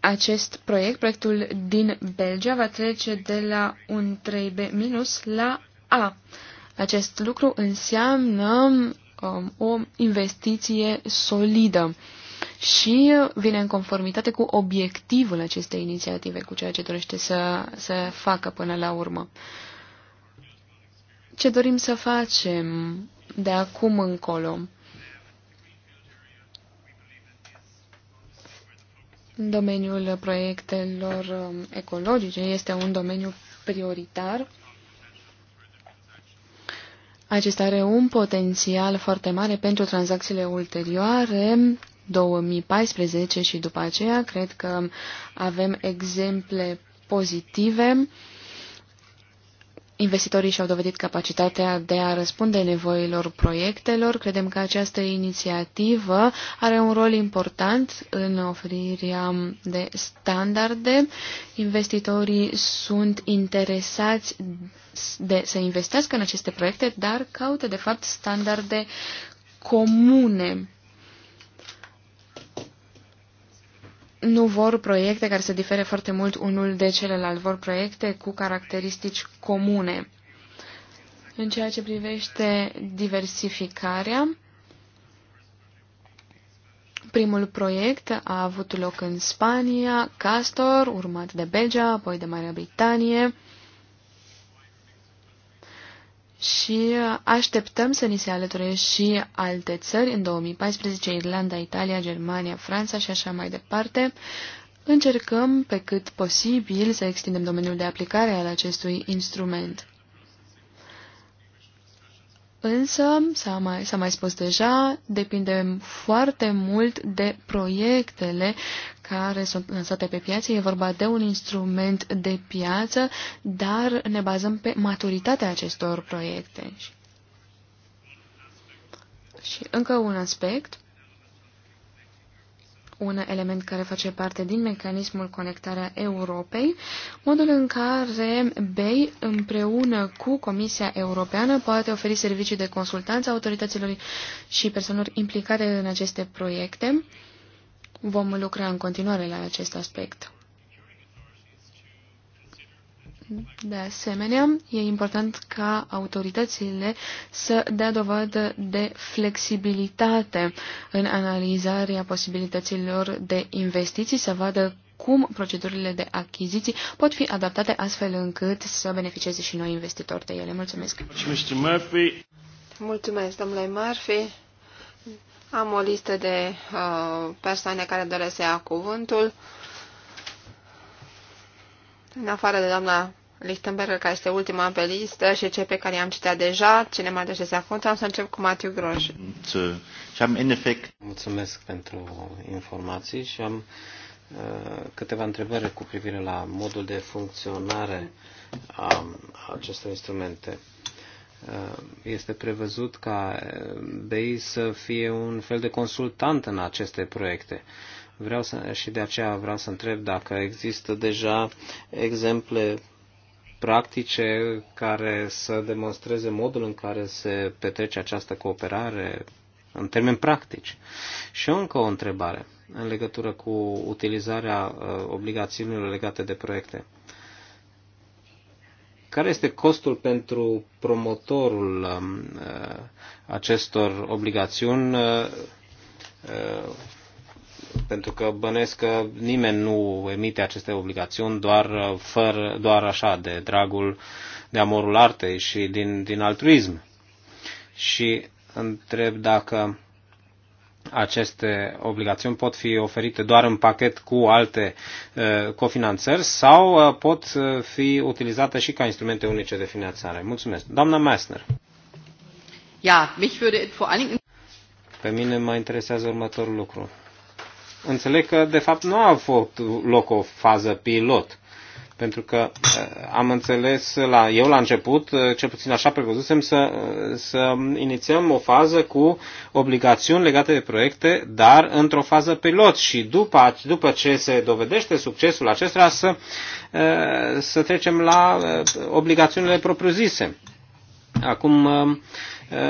Acest proiect, proiectul din Belgia, va trece de la un 3B- minus la A. Acest lucru înseamnă um, o investiție solidă și vine în conformitate cu obiectivul acestei inițiative, cu ceea ce dorește să, să facă până la urmă. Ce dorim să facem de acum încolo? În domeniul proiectelor um, ecologice este un domeniu prioritar. Acesta are un potențial foarte mare pentru tranzacțiile ulterioare 2014 și după aceea cred că avem exemple pozitive. Investitorii și-au dovedit capacitatea de a răspunde nevoilor proiectelor. Credem că această inițiativă are un rol important în oferirea de standarde. Investitorii sunt interesați de să investească în aceste proiecte, dar caută de fapt standarde comune nu vor proiecte care se difere foarte mult unul de celălalt, vor proiecte cu caracteristici comune. În ceea ce privește diversificarea, primul proiect a avut loc în Spania, Castor, urmat de Belgia, apoi de Marea Britanie, și așteptăm să ni se alăture și alte țări în 2014, Irlanda, Italia, Germania, Franța și așa mai departe. Încercăm pe cât posibil să extindem domeniul de aplicare al acestui instrument. Însă, s-a mai, s-a mai spus deja, depinde foarte mult de proiectele care sunt lansate pe piață. E vorba de un instrument de piață, dar ne bazăm pe maturitatea acestor proiecte. Și încă un aspect un element care face parte din mecanismul conectarea Europei, modul în care BEI împreună cu Comisia Europeană poate oferi servicii de consultanță autorităților și persoanelor implicate în aceste proiecte. Vom lucra în continuare la acest aspect. De asemenea, e important ca autoritățile să dea dovadă de flexibilitate în analizarea posibilităților de investiții, să vadă cum procedurile de achiziții pot fi adaptate astfel încât să beneficieze și noi investitori de ele. Mulțumesc! Mulțumesc, domnule Murphy! Am o listă de uh, persoane care doresc să ia cuvântul. În afară de doamna Lichtenberger, care este ultima pe listă, și cei pe care i-am citat deja, cine mai dește acum, am să încep cu Matiu Groș. Uh, Mulțumesc pentru informații și am uh, câteva întrebări cu privire la modul de funcționare a acestor instrumente. Uh, este prevăzut ca BEI să fie un fel de consultant în aceste proiecte. Vreau să, și de aceea vreau să întreb dacă există deja exemple practice care să demonstreze modul în care se petrece această cooperare în termeni practici. Și încă o întrebare în legătură cu utilizarea uh, obligațiunilor legate de proiecte. Care este costul pentru promotorul um, uh, acestor obligațiuni uh, pentru că bănesc că nimeni nu emite aceste obligațiuni doar, uh, fără, doar așa, de dragul, de amorul artei și din, din altruism. Și întreb dacă aceste obligațiuni pot fi oferite doar în pachet cu alte uh, cofinanțări sau uh, pot fi utilizate și ca instrumente unice de finanțare. Mulțumesc. Doamna Meissner. Ja, mich würde vor allen Dingen... Pe mine mă interesează următorul lucru înțeleg că de fapt nu a avut loc o fază pilot. Pentru că eh, am înțeles la, eu la început, eh, cel puțin așa prevăzusem, să, eh, să inițiem o fază cu obligațiuni legate de proiecte, dar într-o fază pilot și după, după ce se dovedește succesul acestora să, să trecem la obligațiunile propriu-zise. Acum,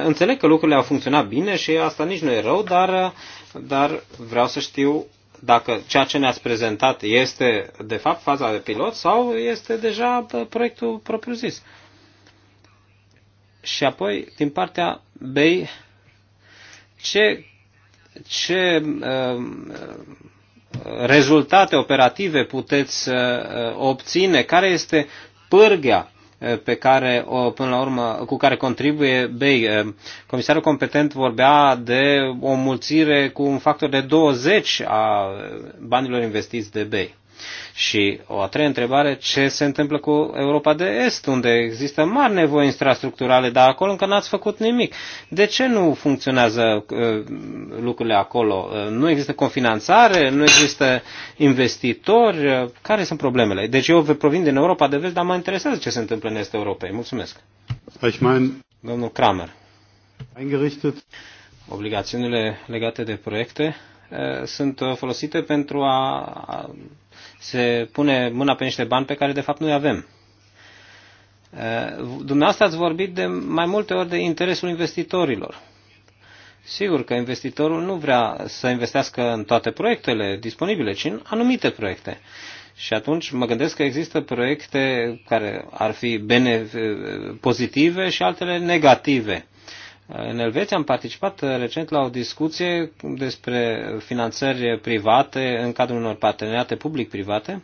Înțeleg că lucrurile au funcționat bine și asta nici nu e rău, dar dar vreau să știu dacă ceea ce ne-ați prezentat este de fapt faza de pilot sau este deja proiectul propriu-zis. Și apoi, din partea b ce, ce uh, rezultate operative puteți uh, obține? Care este pârghia pe care, până la urmă, cu care contribuie BEI. Eh, comisarul competent vorbea de o mulțire cu un factor de 20 a banilor investiți de BEI. Și o a treia întrebare, ce se întâmplă cu Europa de Est, unde există mari nevoi infrastructurale, dar acolo încă n-ați făcut nimic. De ce nu funcționează uh, lucrurile acolo? Uh, nu există confinanțare, nu există investitori? Uh, care sunt problemele? Deci eu provin din Europa de Vest, dar mă interesează ce se întâmplă în Estul Europei. Mulțumesc. Ich mein, Domnul Kramer. Eingerichtet. Obligațiunile legate de proiecte sunt folosite pentru a se pune mâna pe niște bani pe care de fapt nu avem. Uh, dumneavoastră ați vorbit de mai multe ori de interesul investitorilor. Sigur că investitorul nu vrea să investească în toate proiectele disponibile, ci în anumite proiecte. Și atunci mă gândesc că există proiecte care ar fi bene, uh, pozitive și altele negative. În Elveția am participat recent la o discuție despre finanțări private în cadrul unor parteneriate public-private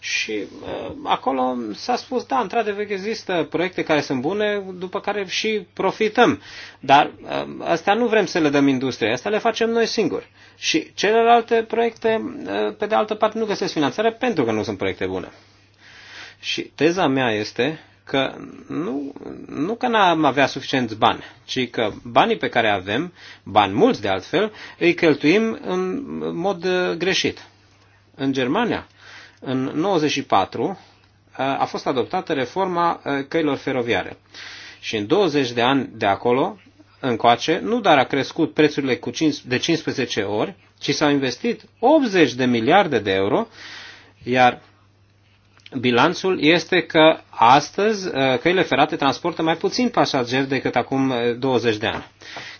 și uh, acolo s-a spus, da, într-adevăr există proiecte care sunt bune, după care și profităm. Dar uh, astea nu vrem să le dăm industriei, astea le facem noi singuri. Și celelalte proiecte, uh, pe de altă parte, nu găsesc finanțare pentru că nu sunt proiecte bune. Și teza mea este că nu, nu că n-am avea suficienți bani, ci că banii pe care avem, bani mulți de altfel, îi cheltuim în mod greșit. În Germania, în 94, a fost adoptată reforma căilor feroviare. Și în 20 de ani de acolo, încoace, nu doar a crescut prețurile cu 5, de 15 ori, ci s-au investit 80 de miliarde de euro, iar bilanțul este că astăzi uh, căile ferate transportă mai puțin pasageri decât acum 20 uh, de ani.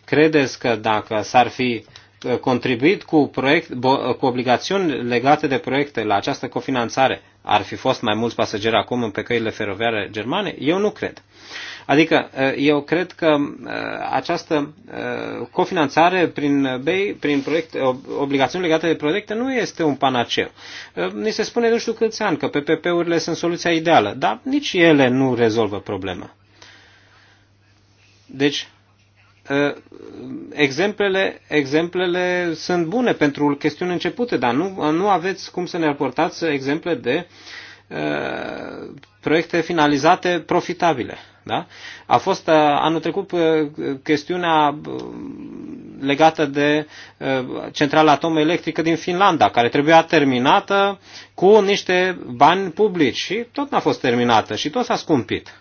Credeți că dacă s-ar fi uh, contribuit cu, proiect, cu obligațiuni legate de proiecte la această cofinanțare, ar fi fost mai mulți pasageri acum pe căile feroviare germane? Eu nu cred. Adică eh, eu cred că eh, această eh, cofinanțare prin BEI, prin proiect, obligațiuni legate de proiecte, nu este un panaceu. Ni se spune nu știu câți ani că PPP-urile sunt soluția ideală, dar nici ele nu rezolvă problema. Deci, Uh, exemplele, exemplele sunt bune pentru chestiuni începute, dar nu, nu aveți cum să ne raportați exemple de uh, proiecte finalizate profitabile. Da? A fost uh, anul trecut chestiunea legată de centrala atomo-electrică din Finlanda, care trebuia terminată cu niște bani publici și tot n-a fost terminată și tot s-a scumpit.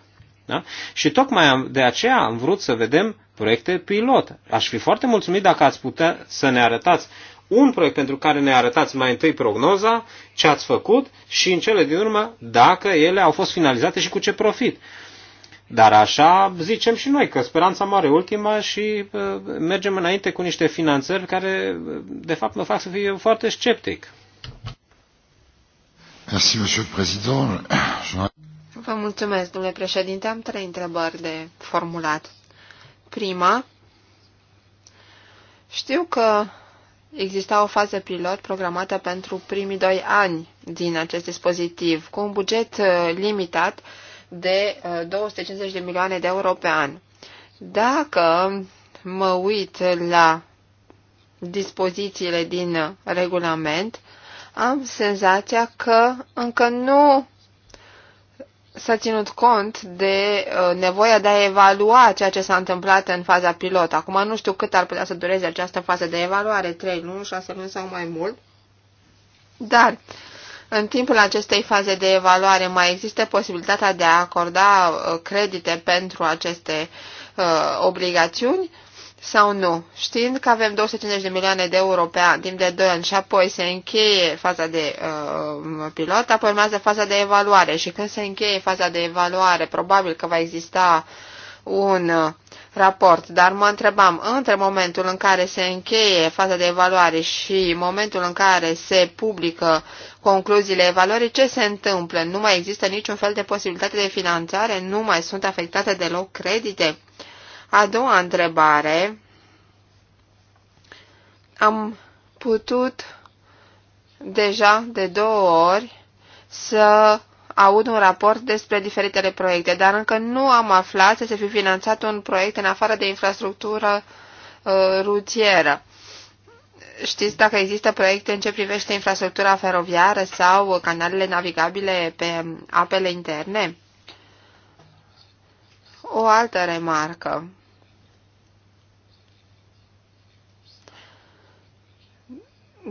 Da? Și tocmai de aceea am vrut să vedem proiecte pilot. Aș fi foarte mulțumit dacă ați putea să ne arătați un proiect pentru care ne arătați mai întâi prognoza, ce ați făcut și în cele din urmă dacă ele au fost finalizate și cu ce profit. Dar așa zicem și noi că speranța mare ultima și uh, mergem înainte cu niște finanțări care uh, de fapt mă fac să fiu foarte sceptic. Merci, Monsieur Président. Vă mulțumesc, domnule președinte. Am trei întrebări de formulat crima. Știu că exista o fază pilot programată pentru primii doi ani din acest dispozitiv, cu un buget uh, limitat de 250 uh, de milioane de euro pe an. Dacă mă uit la dispozițiile din regulament, am senzația că încă nu s-a ținut cont de uh, nevoia de a evalua ceea ce s-a întâmplat în faza pilot. Acum nu știu cât ar putea să dureze această fază de evaluare, 3 luni, 6 luni sau mai mult, dar în timpul acestei faze de evaluare mai există posibilitatea de a acorda uh, credite pentru aceste uh, obligațiuni sau nu. Știind că avem 250 de milioane de euro pe an timp de 2 ani și apoi se încheie faza de uh, pilot, apoi urmează faza de evaluare și când se încheie faza de evaluare, probabil că va exista un uh, raport, dar mă întrebam, între momentul în care se încheie faza de evaluare și momentul în care se publică concluziile evaluării, ce se întâmplă? Nu mai există niciun fel de posibilitate de finanțare? Nu mai sunt afectate deloc credite? A doua întrebare. Am putut deja de două ori să aud un raport despre diferitele proiecte, dar încă nu am aflat să se fi finanțat un proiect în afară de infrastructură uh, rutieră. Știți dacă există proiecte în ce privește infrastructura feroviară sau canalele navigabile pe apele interne? O altă remarcă.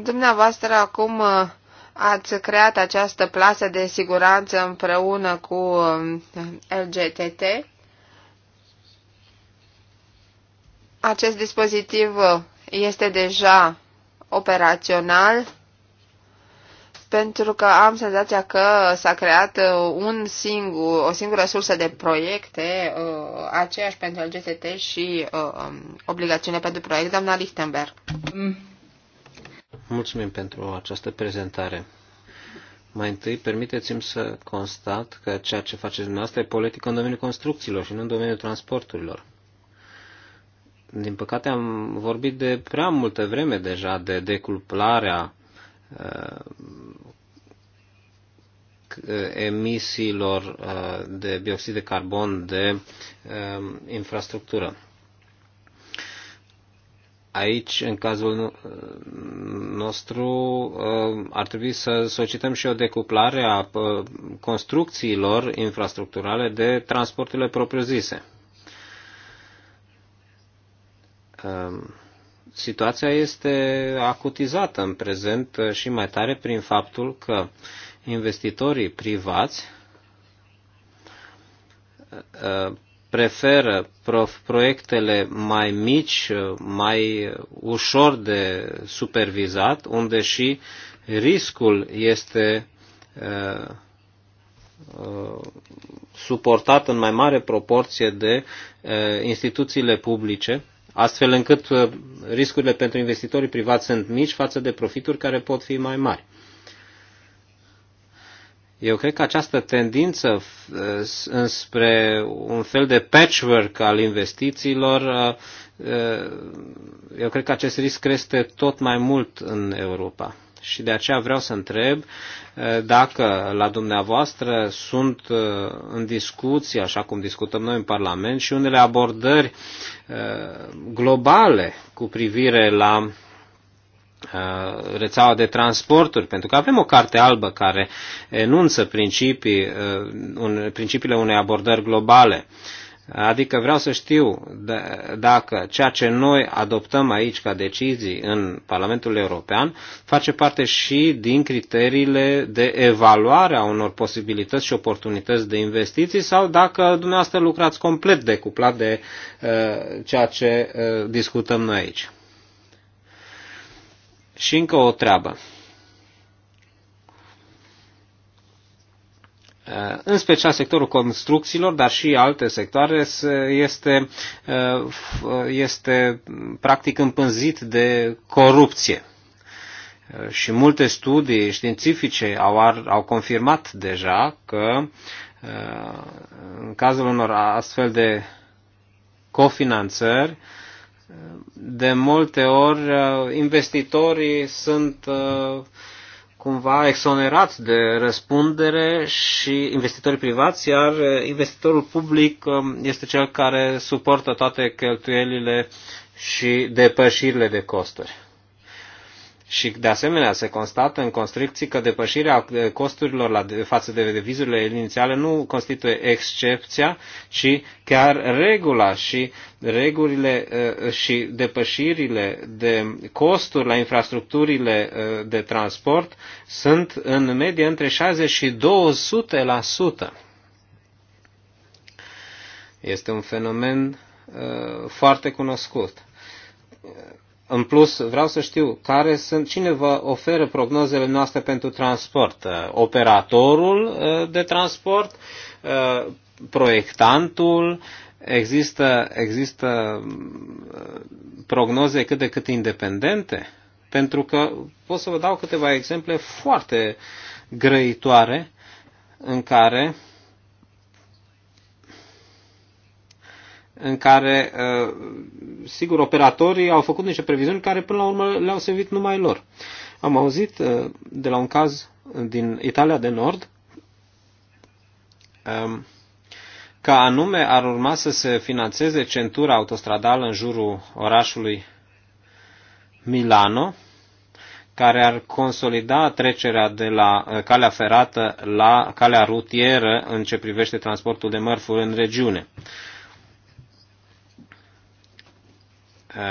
Dumneavoastră acum uh, ați creat această plasă de siguranță împreună cu uh, LGTT. Acest dispozitiv uh, este deja operațional pentru că am senzația că s-a creat un singur, o singură sursă de proiecte, aceeași pentru LGTT și um, obligațiune pentru proiect, doamna Lichtenberg. Mm. Mulțumim pentru această prezentare. Mai întâi, permiteți-mi să constat că ceea ce faceți dumneavoastră e politică în domeniul construcțiilor și nu în domeniul transporturilor. Din păcate am vorbit de prea multă vreme deja de decuplarea uh, emisiilor uh, de dioxid de carbon de uh, infrastructură aici, în cazul nostru, uh, ar trebui să solicităm și o decuplare a uh, construcțiilor infrastructurale de transporturile propriu-zise. Uh, situația este acutizată în prezent și mai tare prin faptul că investitorii privați preferă proiectele mai mici, mai ușor de supervizat, unde și riscul este uh, suportat în mai mare proporție de uh, instituțiile publice, astfel încât uh, riscurile pentru investitorii privați sunt mici față de profituri care pot fi mai mari. Eu cred că această tendință eh, înspre un fel de patchwork al investițiilor, eh, eh, eu cred că acest risc crește tot mai mult în Europa. Și de aceea vreau să întreb dacă la dumneavoastră sunt în discuții, așa cum discutăm noi în Parlament, și unele abordări globale cu privire la Uh, rețeaua de transporturi, pentru că avem o carte albă care enunță principii, uh, un, principiile unei abordări globale. Adică vreau să știu dacă ceea ce noi adoptăm aici ca decizii în Parlamentul European face parte și din criteriile de evaluare a unor posibilități și oportunități de investiții sau dacă dumneavoastră lucrați complet decuplat de uh, ceea ce uh, discutăm noi aici. Și încă o treabă. Uh, în special sectorul construcțiilor, dar și alte sectoare, este, uh, este practic împânzit de corupție. Uh, și multe studii științifice au, au confirmat deja că în cazul unor astfel de cofinanțări, de multe ori uh, investitorii sunt uh, cumva exonerați de răspundere și investitorii privați, iar uh, investitorul public um, este cel care suportă toate cheltuielile și depășirile de costuri. Și de asemenea se constată în constricții că depășirea costurilor la, față de devizurile inițiale nu constituie excepția, ci chiar regula și regulile uh, și depășirile de costuri la infrastructurile uh, de transport sunt în medie între 60 și 200%. Este un fenomen uh, foarte cunoscut în plus, vreau să știu care sunt, cine vă oferă prognozele noastre pentru transport? Uh, operatorul uh, de transport, uh, proiectantul, există, există prognoze cât de cât independente? Pentru că pot să vă dau câteva exemple foarte grăitoare în care în care, uh, sigur, operatorii au făcut niște previziuni care până la urmă le-au servit numai lor. Am auzit uh, de la un caz din Italia de Nord um, că anume ar urma să se finanțeze centura autostradală în jurul orașului Milano, care ar consolida trecerea de la uh, calea ferată la calea rutieră în ce privește transportul de mărfuri în regiune. Uh, Uh,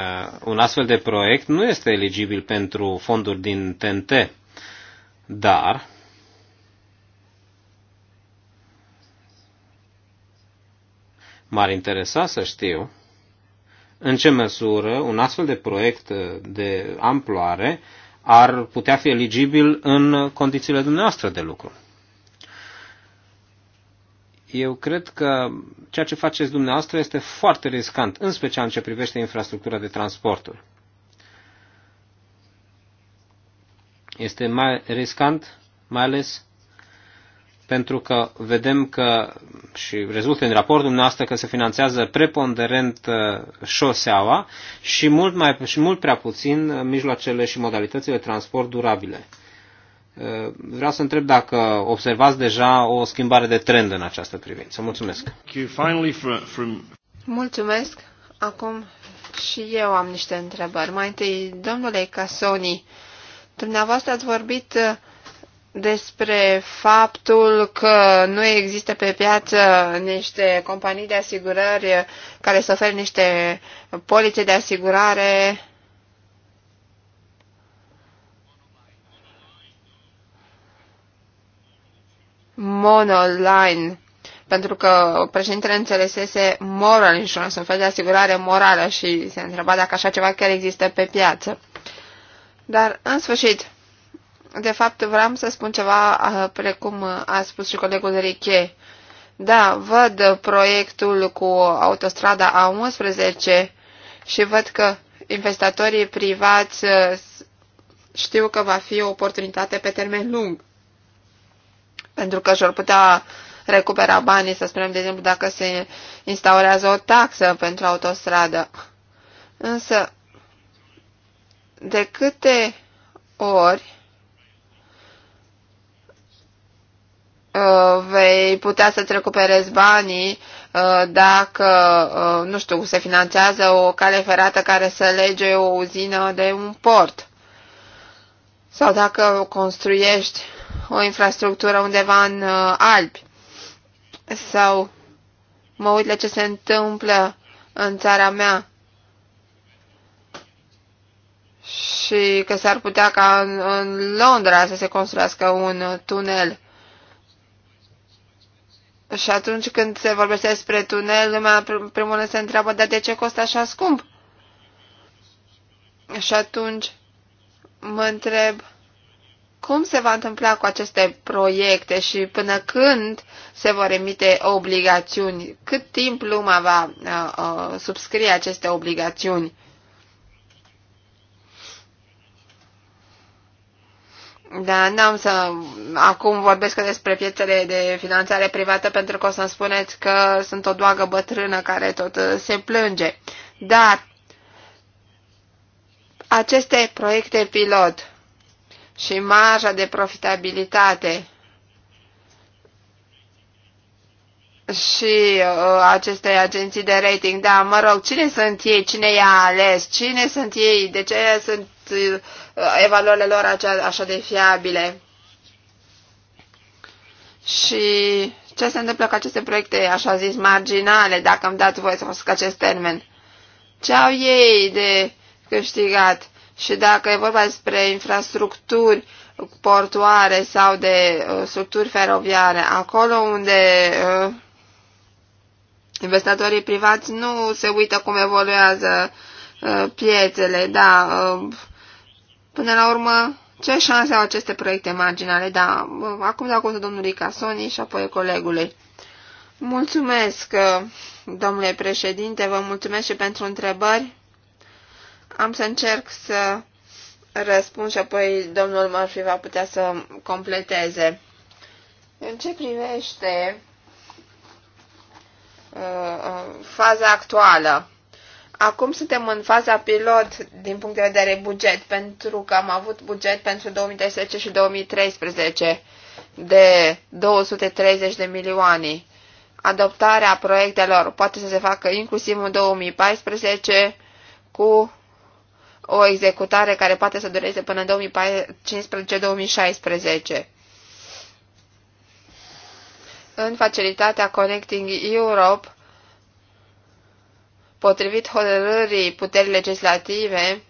un astfel de proiect nu este eligibil pentru fonduri din TNT, dar m-ar interesa să știu în ce măsură un astfel de proiect uh, de amploare ar putea fi eligibil în condițiile dumneavoastră de lucru eu cred că ceea ce faceți dumneavoastră este foarte riscant, în special în ce privește infrastructura de transporturi. Este mai riscant, mai ales pentru că vedem că și rezultă în raportul dumneavoastră că se finanțează preponderent uh, șoseaua și mult, mai, și mult prea puțin uh, mijloacele și modalitățile de transport durabile. Eh, vreau să întreb dacă observați deja o schimbare de trend în această privință. Mulțumesc! Mulțumesc! Acum și eu am niște întrebări. Mai întâi, domnule Casoni, dumneavoastră ați vorbit eh, despre faptul că nu există pe piață niște companii de asigurări eh, care să ofere niște polițe de asigurare monoline pentru că președintele înțelesese moral insurance, un fel de asigurare morală și se întreba dacă așa ceva chiar există pe piață. Dar, în sfârșit, de fapt, vreau să spun ceva precum a spus și colegul Riche. Da, văd proiectul cu autostrada A11 și văd că investitorii privați știu că va fi o oportunitate pe termen lung pentru că și-ar putea recupera banii, să spunem, de exemplu, dacă se instaurează o taxă pentru autostradă. Însă, de câte ori uh, vei putea să-ți recuperezi banii uh, dacă, uh, nu știu, se finanțează o cale ferată care să lege o uzină de un port. Sau dacă construiești o infrastructură undeva în uh, Alpi sau mă uit la ce se întâmplă în țara mea și că s-ar putea ca în, în Londra să se construiască un tunel. Și atunci când se vorbește despre tunel, lumea primul rând se întreabă, dar de ce costă așa scump? Și atunci mă întreb, cum se va întâmpla cu aceste proiecte și până când se vor emite obligațiuni, cât timp lumea va uh, uh, subscrie aceste obligațiuni. Da, n-am să... Acum vorbesc despre piețele de finanțare privată pentru că o să-mi spuneți că sunt o doagă bătrână care tot uh, se plânge. Dar aceste proiecte pilot, și marja de profitabilitate și uh, aceste agenții de rating. Da, mă rog, cine sunt ei, cine i-a ales, cine sunt ei, de ce sunt uh, evaluările lor acea, așa de fiabile. Și ce se întâmplă cu aceste proiecte, așa zis, marginale, dacă îmi dați voie să folosesc acest termen? Ce au ei de câștigat? și dacă e vorba despre infrastructuri portoare sau de uh, structuri feroviare, acolo unde uh, Investitorii privați nu se uită cum evoluează uh, piețele, da. Uh, până la urmă, ce șanse au aceste proiecte marginale? Da, uh, acum dau cuvântul domnului Casoni și apoi colegului. Mulțumesc, uh, domnule președinte, vă mulțumesc și pentru întrebări. Am să încerc să răspund și apoi domnul Murphy va putea să completeze. În ce privește uh, uh, faza actuală. Acum suntem în faza pilot din punct de vedere buget, pentru că am avut buget pentru 2010 și 2013 de 230 de milioane. Adoptarea proiectelor poate să se facă inclusiv în 2014 cu o executare care poate să dureze până în 2015-2016. În facilitatea Connecting Europe, potrivit hotărârii puterii legislative,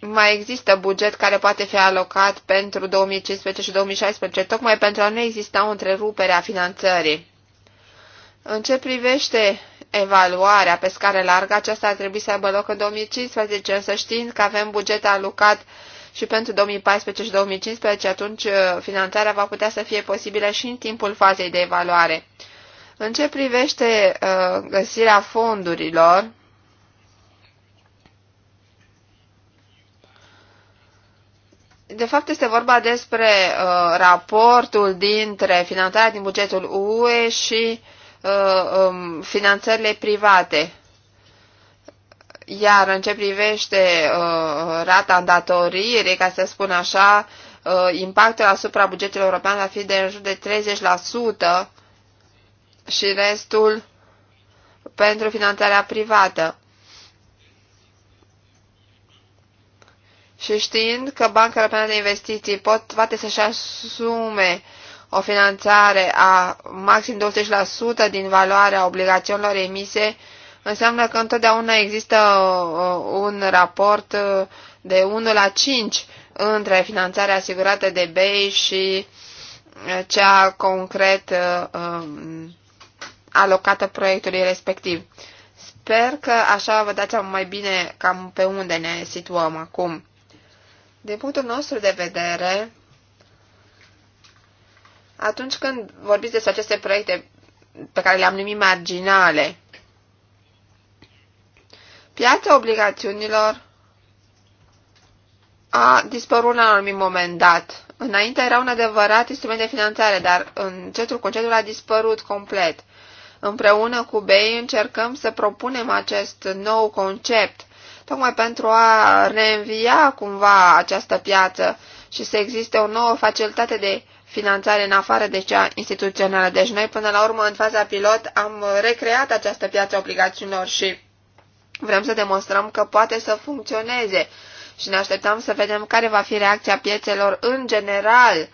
mai există buget care poate fi alocat pentru 2015 și 2016, tocmai pentru a nu exista o întrerupere a finanțării. În ce privește evaluarea pe scară largă, aceasta ar trebui să aibă loc în 2015, însă știind că avem buget alocat și pentru 2014 și 2015, atunci uh, finanțarea va putea să fie posibilă și în timpul fazei de evaluare. În ce privește uh, găsirea fondurilor, de fapt este vorba despre uh, raportul dintre finanțarea din bugetul UE și uh, Uh, um, finanțările private. Iar în ce privește uh, rata îndatoririi, ca să spun așa, uh, impactul asupra bugetului european va fi de în jur de 30% și restul pentru finanțarea privată. Și știind că Banca Europeană de Investiții pot, poate să-și asume uh, o finanțare a maxim 20% din valoarea obligațiunilor emise, înseamnă că întotdeauna există uh, un raport uh, de 1 la 5 între finanțarea asigurată de BEI și uh, cea concret um, alocată proiectului respectiv. Sper că așa vă dați mai bine cam pe unde ne situăm acum. Din punctul nostru de vedere, atunci când vorbiți despre aceste proiecte pe care le-am numit marginale, piața obligațiunilor a dispărut la un anumit moment dat. Înainte era un adevărat instrument de finanțare, dar în centrul concedului a dispărut complet. Împreună cu BEI încercăm să propunem acest nou concept, tocmai pentru a reînvia cumva această piață și să existe o nouă facilitate de finanțare în afară de cea instituțională. Deci noi, până la urmă, în faza pilot, am recreat această piață obligațiunilor și vrem să demonstrăm că poate să funcționeze și ne așteptăm să vedem care va fi reacția piețelor în general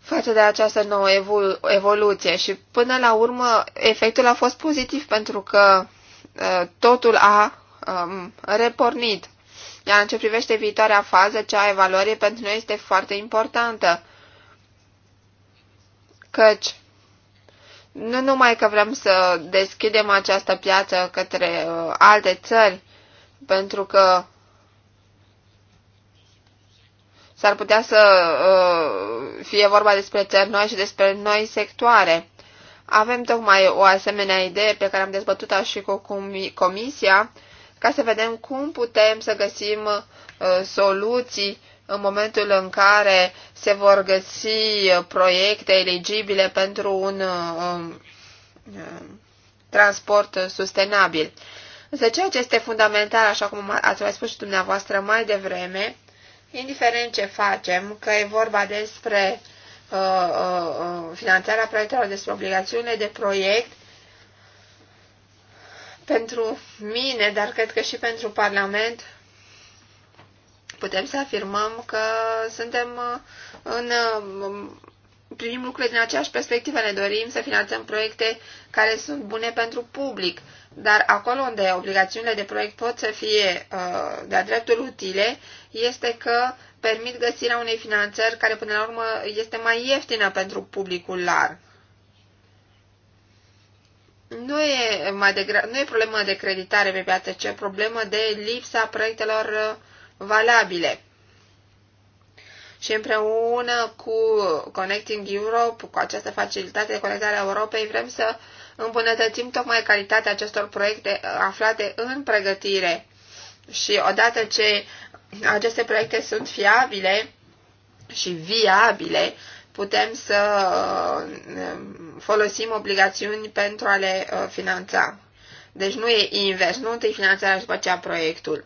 față de această nouă evolu evoluție și până la urmă efectul a fost pozitiv pentru că ă, totul a um, repornit. Iar în ce privește viitoarea fază, cea a evaluării, pentru noi este foarte importantă căci nu numai că vrem să deschidem această piață către uh, alte țări, pentru că s-ar putea să uh, fie vorba despre țări noi și despre noi sectoare. Avem tocmai o asemenea idee pe care am dezbătut-o și cu Comisia, ca să vedem cum putem să găsim uh, soluții în momentul în care se vor găsi proiecte eligibile pentru un um, um, transport sustenabil. Însă ceea ce este fundamental, așa cum ați mai spus și dumneavoastră mai devreme, indiferent ce facem, că e vorba despre uh, uh, uh finanțarea proiectelor, despre obligațiunile de proiect, pentru mine, dar cred că și pentru Parlament, putem să afirmăm că suntem uh, în uh, privim lucrurile din aceeași perspectivă. Ne dorim să finanțăm proiecte care sunt bune pentru public, dar acolo unde obligațiunile de proiect pot să fie uh, de-a dreptul utile, este că permit găsirea unei finanțări care până la urmă este mai ieftină pentru publicul larg. Nu e, mai degra- nu e problemă de creditare pe piață, ci e problemă de lipsa proiectelor uh, valabile. Și împreună cu Connecting Europe, cu această facilitate de conectare a Europei, vrem să îmbunătățim tocmai calitatea acestor proiecte aflate în pregătire. Și odată ce aceste proiecte sunt fiabile și viabile, putem să uh, folosim obligațiuni pentru a le uh, finanța. Deci nu e invers, nu întâi finanțarea și după aceea proiectul.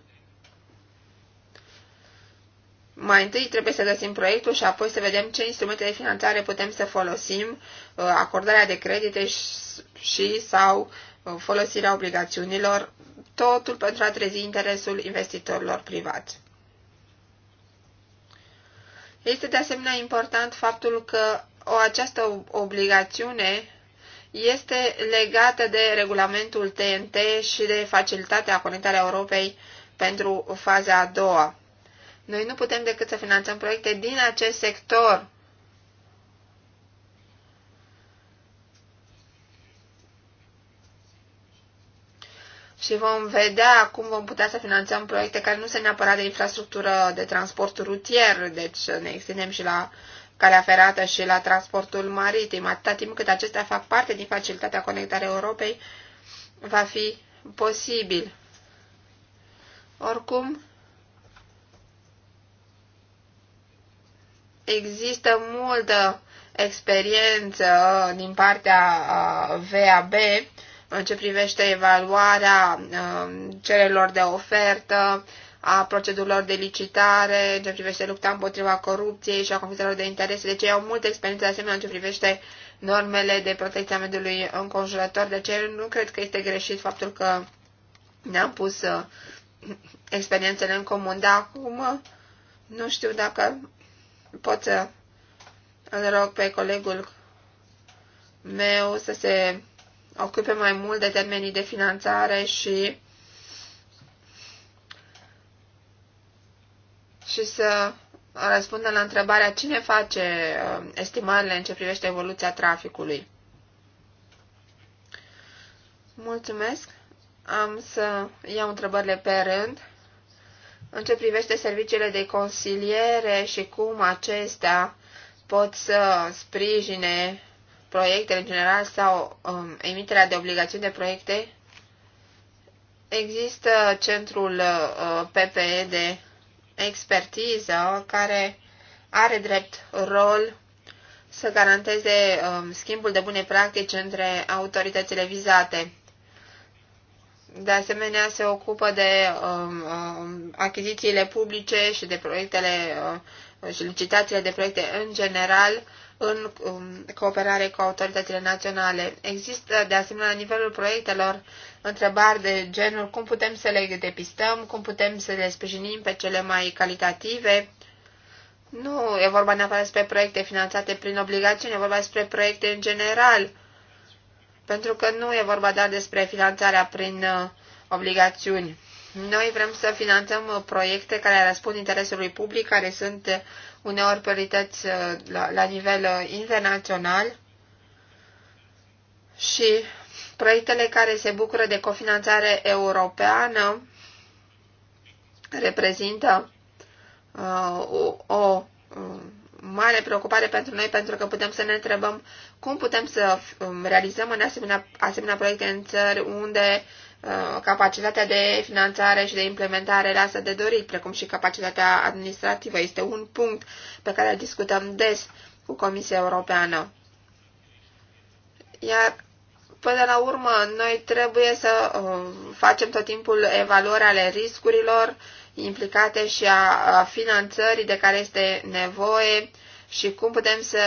Mai întâi trebuie să găsim proiectul și apoi să vedem ce instrumente de finanțare putem să folosim, uh, acordarea de credite și, sau uh, folosirea obligațiunilor, totul pentru a trezi interesul investitorilor privați. Este de asemenea important faptul că o, această obligațiune este legată de regulamentul TNT și de facilitatea conectarea Europei pentru faza a doua. Noi nu putem decât să finanțăm proiecte din acest sector. Și vom vedea cum vom putea să finanțăm proiecte care nu sunt neapărat de infrastructură de transport rutier, deci ne extindem și la calea ferată și la transportul maritim, atâta timp cât acestea fac parte din facilitatea conectării Europei, va fi posibil. Oricum, Există multă experiență din partea VAB în ce privește evaluarea cererilor de ofertă, a procedurilor de licitare, în ce privește lupta împotriva corupției și a conflictelor de interese. Deci ei au multă experiență de asemenea în ce privește normele de protecție a mediului înconjurător. Deci nu cred că este greșit faptul că ne-am pus experiențele în comun. Dar acum nu știu dacă pot să îl rog pe colegul meu să se ocupe mai mult de termenii de finanțare și și să răspundă la întrebarea cine face uh, estimările în ce privește evoluția traficului. Mulțumesc. Am să iau întrebările pe rând în ce privește serviciile de consiliere și cum acestea pot să sprijine proiectele în general sau um, emiterea de obligațiuni de proiecte, există centrul uh, PPE de expertiză care are drept rol să garanteze um, schimbul de bune practici între autoritățile vizate. De asemenea, se ocupă de um, um, achizițiile publice și de proiectele uh, și licitațiile de proiecte în general în um, cooperare cu autoritățile naționale. Există, de asemenea, la nivelul proiectelor întrebări de genul cum putem să le depistăm, cum putem să le sprijinim pe cele mai calitative. Nu e vorba neapărat despre proiecte finanțate prin obligațiune, e vorba despre proiecte în general pentru că nu e vorba doar despre finanțarea prin uh, obligațiuni. Noi vrem să finanțăm uh, proiecte care răspund interesului public, care sunt uh, uneori priorități la, nivel internațional și proiectele care se bucură de cofinanțare europeană reprezintă o mare preocupare pentru noi pentru că putem să ne întrebăm cum putem să um, realizăm în asemenea, asemenea proiecte în țări unde uh, capacitatea de finanțare și de implementare lasă de dorit, precum și capacitatea administrativă. Este un punct pe care îl discutăm des cu Comisia Europeană. Iar Până la urmă, noi trebuie să uh, facem tot timpul evaluări ale riscurilor implicate și a finanțării de care este nevoie și cum putem să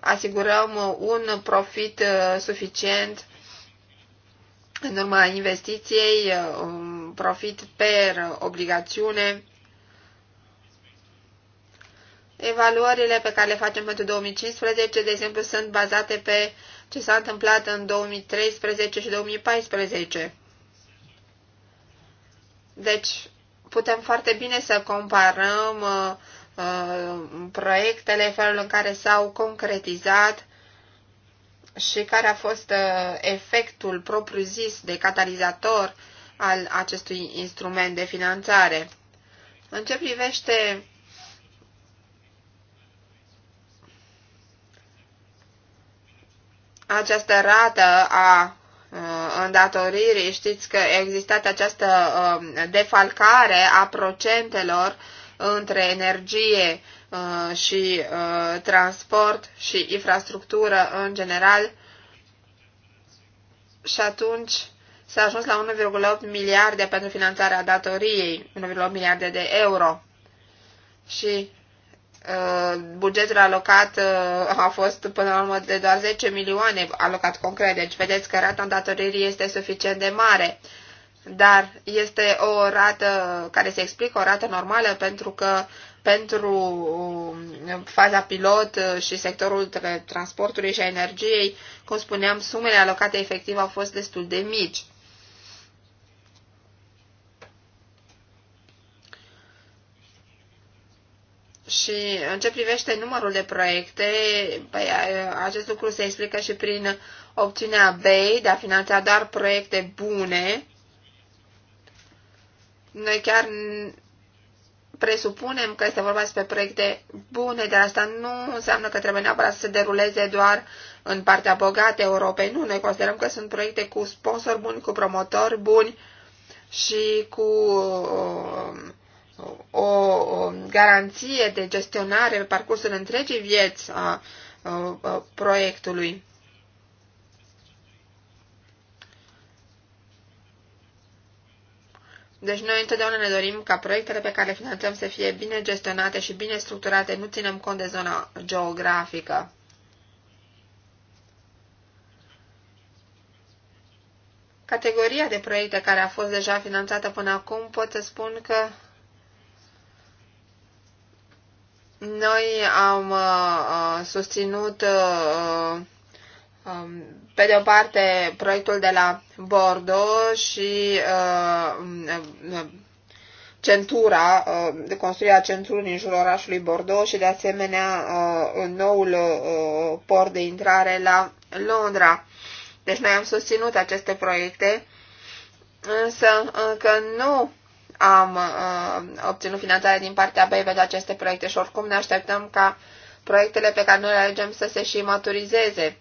asigurăm un profit uh, suficient în urma investiției, uh, un profit per obligațiune Evaluările pe care le facem pentru 2015, de exemplu, sunt bazate pe ce s-a întâmplat în 2013 și 2014. Deci, putem foarte bine să comparăm uh, uh, proiectele, felul în care s-au concretizat și care a fost uh, efectul propriu-zis de catalizator al acestui instrument de finanțare. În ce privește această rată a uh, îndatoririi, știți că a existat această um, defalcare a procentelor între energie uh, și uh, transport și infrastructură în general și atunci s-a ajuns la 1,8 miliarde pentru finanțarea datoriei, 1,8 miliarde de euro. Și Uh, bugetul alocat uh, a fost până la urmă de doar 10 milioane alocat concret, deci vedeți că rata îndatoririi este suficient de mare, dar este o rată care se explică, o rată normală, pentru că pentru um, faza pilot uh, și sectorul transportului și a energiei, cum spuneam, sumele alocate efectiv au fost destul de mici. Și în ce privește numărul de proiecte, păi, acest lucru se explică și prin opțiunea B de a finanța doar proiecte bune. Noi chiar presupunem că este vorba despre proiecte bune, dar asta nu înseamnă că trebuie neapărat să se deruleze doar în partea bogată Europei. Nu, noi considerăm că sunt proiecte cu sponsori buni, cu promotori buni și cu uh, o garanție de gestionare pe parcursul întregii vieți a proiectului. Deci noi întotdeauna ne dorim ca proiectele pe care le finanțăm să fie bine gestionate și bine structurate, nu ținem cont de zona geografică. Categoria de proiecte care a fost deja finanțată până acum pot să spun că Noi am uh, uh, susținut uh, um, pe de o parte proiectul de la Bordeaux și uh, um, uh centura, de uh, construirea centurii în jurul orașului Bordeaux și de asemenea în noul port de intrare la Londra. Deci noi am susținut aceste proiecte, însă încă nu am uh, obținut finanțare din partea BEI pentru aceste proiecte și oricum ne așteptăm ca proiectele pe care noi le alegem să se și maturizeze.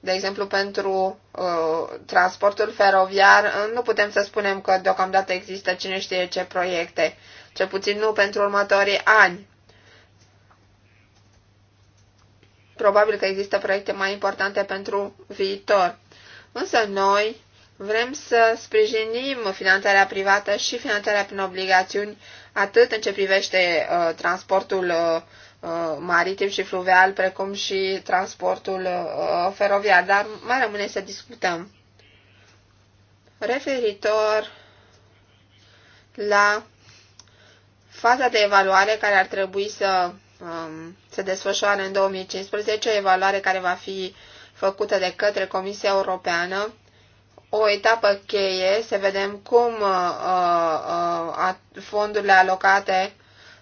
De exemplu, pentru uh, transportul feroviar uh, nu putem să spunem că deocamdată există cine știe ce proiecte, ce puțin nu pentru următorii ani. Probabil că există proiecte mai importante pentru viitor. Însă noi Vrem să sprijinim finanțarea privată și finanțarea prin obligațiuni, atât în ce privește uh, transportul uh, uh, maritim și fluvial, precum și transportul uh, feroviar, dar mai rămâne să discutăm. Referitor la faza de evaluare care ar trebui să um, se desfășoare în 2015, o evaluare care va fi făcută de către Comisia Europeană, o etapă cheie, să vedem cum uh, uh, fondurile alocate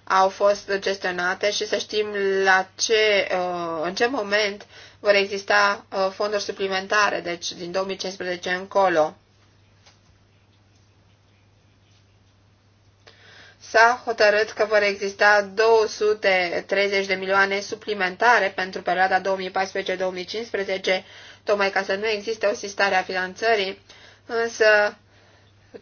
au fost gestionate și să știm la ce, uh, în ce moment vor exista fonduri suplimentare, deci din 2015 încolo. S-a hotărât că vor exista 230 de milioane suplimentare pentru perioada 2014-2015 tocmai ca să nu existe o sistare a finanțării, însă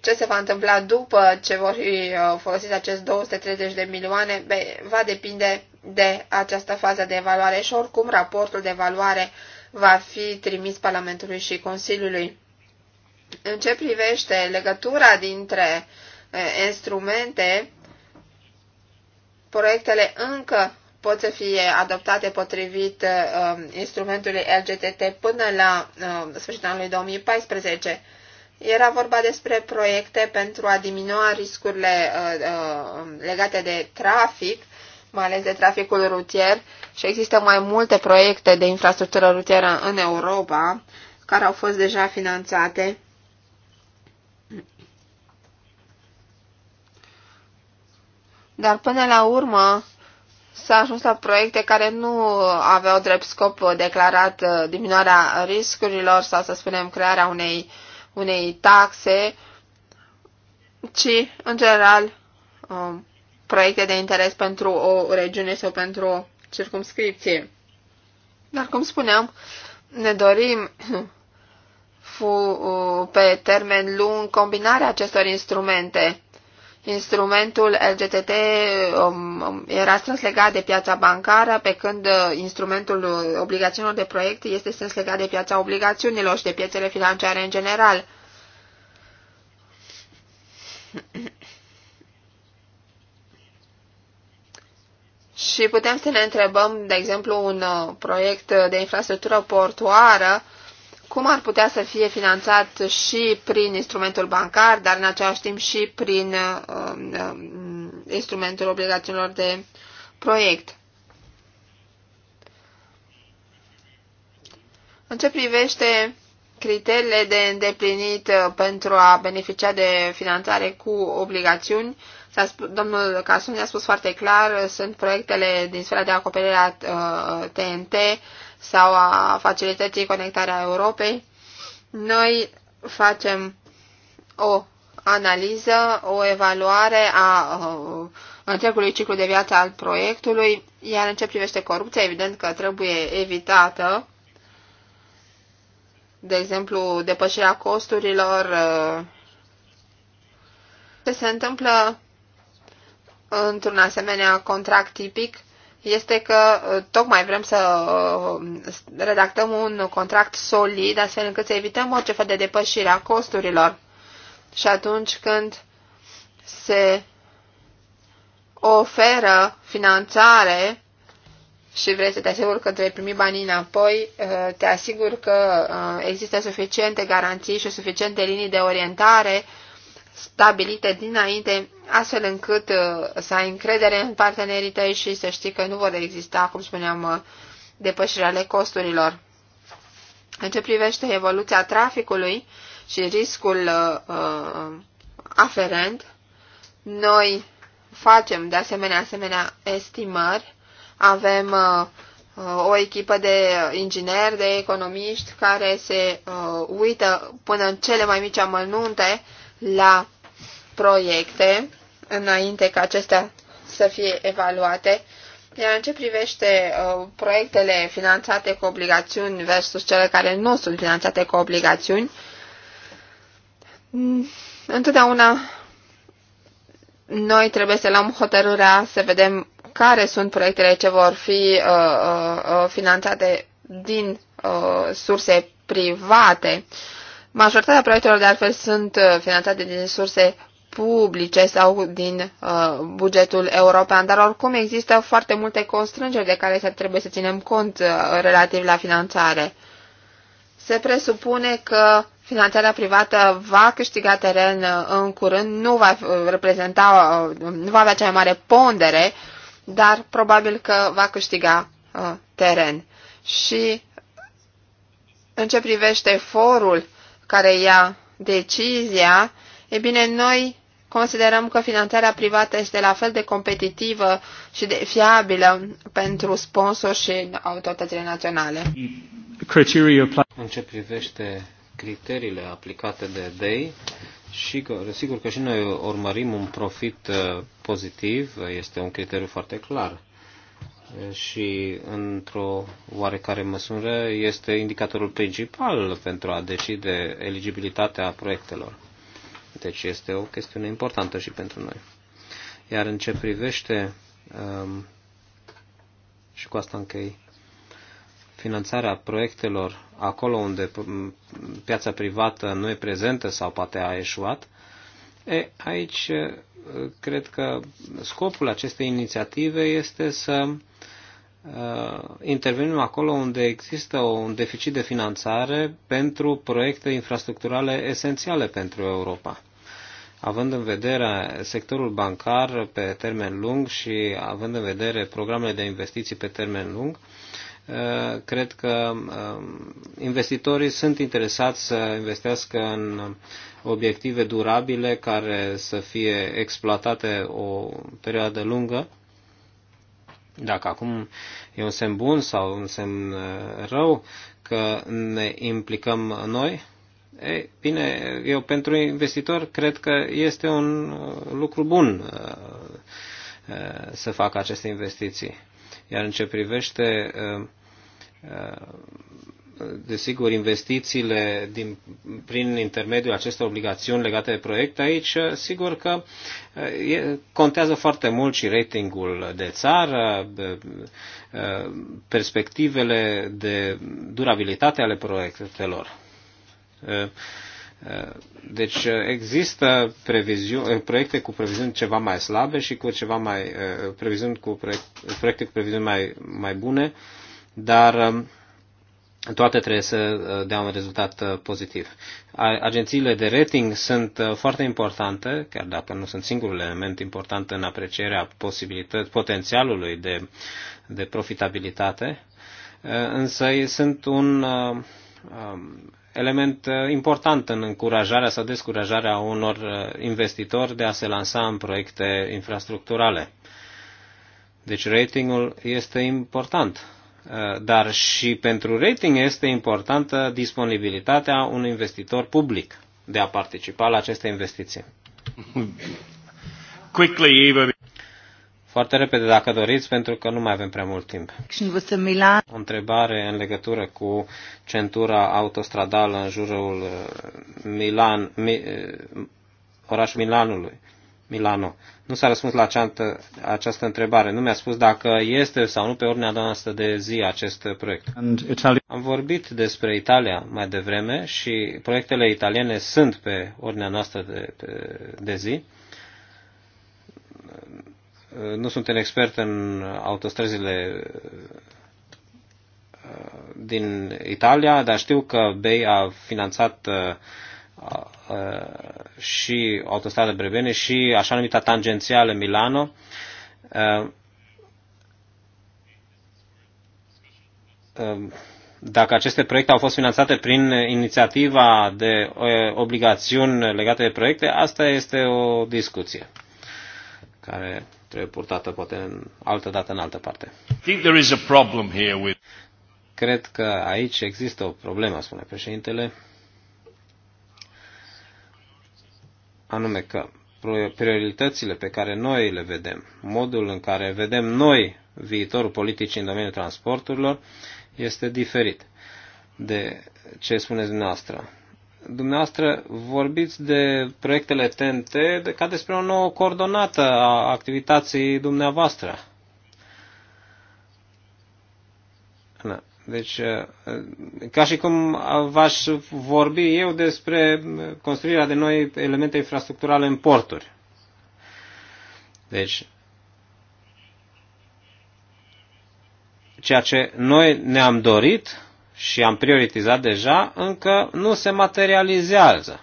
ce se va întâmpla după ce vor fi uh, folosiți acest 230 de milioane be, va depinde de această fază de evaluare și oricum raportul de evaluare va fi trimis Parlamentului și Consiliului. În ce privește legătura dintre uh, instrumente, proiectele încă pot să fie adoptate potrivit uh, instrumentului LGTT până la uh, sfârșitul anului 2014. Era vorba despre proiecte pentru a diminua riscurile uh, uh, legate de trafic, mai ales de traficul rutier, și există mai multe proiecte de infrastructură rutieră în Europa care au fost deja finanțate. Dar până la urmă, s-a ajuns la proiecte care nu aveau drept scop declarat uh, diminuarea riscurilor sau, să spunem, crearea unei, unei taxe, ci, în general, um, proiecte de interes pentru o regiune sau pentru o circumscripție. Dar, cum spuneam, ne dorim uh, pe termen lung combinarea acestor instrumente instrumentul LGTT um, um, era strâns legat de piața bancară, pe când uh, instrumentul uh, obligațiunilor de proiect este strâns legat de piața obligațiunilor și de piețele financiare în general. Și putem să ne întrebăm, de exemplu, un uh, proiect de infrastructură portoară cum ar putea să fie finanțat și prin instrumentul bancar, dar în același timp și prin uh, instrumentul obligațiunilor de proiect. În ce privește criteriile de îndeplinit uh, pentru a beneficia de finanțare cu obligațiuni, domnul Casun a spus foarte clar, sunt proiectele din sfera de acoperire a TNT, uh, sau a facilității conectarea Europei, noi facem o analiză, o evaluare a uh, întregului ciclu de viață al proiectului, iar în ce privește corupția, evident că trebuie evitată, de exemplu, depășirea costurilor. Uh, ce se întâmplă într-un asemenea contract tipic este că uh, tocmai vrem să uh, redactăm un contract solid, astfel încât să evităm orice fel de depășire a costurilor. Și atunci când se oferă finanțare și vrei să te asiguri că trebuie primi banii înapoi, uh, te asigur că există suficiente garanții și suficiente linii de orientare stabilite dinainte, astfel încât uh, să ai încredere în partenerii tăi și să știi că nu vor exista, cum spuneam, uh, depășirea ale costurilor. În ce privește evoluția traficului și riscul uh, uh aferent, noi facem de asemenea asemenea estimări. Avem uh, o echipă de ingineri, de economiști care se uh, uită până în cele mai mici amănunte la proiecte înainte ca acestea să fie evaluate. Iar în ce privește uh, proiectele finanțate cu obligațiuni versus cele care nu sunt finanțate cu obligațiuni, mm, întotdeauna noi trebuie să luăm hotărârea să vedem care sunt proiectele ce vor fi uh, uh, uh finanțate din uh, surse private Majoritatea proiectelor de altfel sunt uh, finanțate din surse publice sau din uh, bugetul european, dar oricum există foarte multe constrângeri de care se trebuie să ținem cont uh, relativ la finanțare. Se presupune că finanțarea privată va câștiga teren uh, în curând, nu va uh, reprezenta, nu va avea cea mai mare pondere, dar probabil că va câștiga teren. Și în ce privește forul care ia decizia, e bine, noi considerăm că finanțarea privată este la fel de competitivă și de fiabilă pentru sponsor și autoritățile naționale. În ce privește criteriile aplicate de DEI, și că, sigur că și noi urmărim un profit uh, pozitiv, este un criteriu foarte clar și într-o oarecare măsură este indicatorul principal pentru a decide eligibilitatea proiectelor. Deci este o chestiune importantă și pentru noi. Iar în ce privește, um, și cu asta închei, finanțarea proiectelor acolo unde um, piața privată nu e prezentă sau poate a eșuat, E, aici cred că scopul acestei inițiative este să intervenim acolo unde există un deficit de finanțare pentru proiecte infrastructurale esențiale pentru Europa. Având în vedere sectorul bancar pe termen lung și având în vedere programele de investiții pe termen lung, Uh, cred că um, investitorii sunt interesați să investească în obiective durabile care să fie exploatate o perioadă lungă. Dacă acum e un semn bun sau un semn uh, rău că ne implicăm noi, ei, bine, eu pentru investitor cred că este un lucru bun uh, să facă aceste investiții. Iar în ce privește, uh, uh, desigur, investițiile din, prin intermediul acestor obligațiuni legate de proiecte, aici, uh, sigur că e, contează foarte mult și ratingul de țară, perspectivele de durabilitate ale proiectelor deci uh, există uh, proiecte cu previziuni ceva mai slabe și cu ceva mai uh, previziuni cu proiecte cu previziuni mai, mai bune, dar um, toate trebuie să dea un rezultat pozitiv. Agențiile de rating sunt foarte importante, chiar dacă nu sunt singurul element important în aprecierea posibilității, potențialului de, de profitabilitate, însă sunt un um, element uh, important în încurajarea sau descurajarea unor uh, investitori de a se lansa în proiecte infrastructurale. Deci ratingul este important, uh, dar și pentru rating este importantă disponibilitatea unui investitor public de a participa la aceste investiții. Quickly, Eva. Foarte repede, dacă doriți, pentru că nu mai avem prea mult timp. O întrebare în legătură cu centura autostradală în jurul uh, Milan, mi, uh, orașul Milanului. Milano. Nu s-a răspuns la aceantă, această întrebare. Nu mi-a spus dacă este sau nu pe ordinea noastră de zi acest proiect. Am vorbit despre Italia mai devreme și proiectele italiene sunt pe ordinea noastră de, de zi nu sunt un expert în autostrăzile uh, din Italia, dar știu că BEI a finanțat uh, uh, și autostrada Brebene și așa numita tangențială Milano. Dacă aceste proiecte au fost finanțate prin inițiativa de obligațiuni legate de proiecte, asta este o discuție care trebuie purtată poate în altă dată în altă parte. Cred că aici există o problemă, spune președintele, anume că prioritățile pe care noi le vedem, modul în care vedem noi viitorul politic în domeniul transporturilor, este diferit de ce spuneți dumneavoastră dumneavoastră vorbiți de proiectele TNT de, ca despre o nouă coordonată a activității dumneavoastră. Na. Deci, eh, ca și cum v-aș vorbi eu despre construirea de noi elemente infrastructurale în porturi. Deci, ceea ce noi ne-am dorit și am prioritizat deja, încă nu se materializează.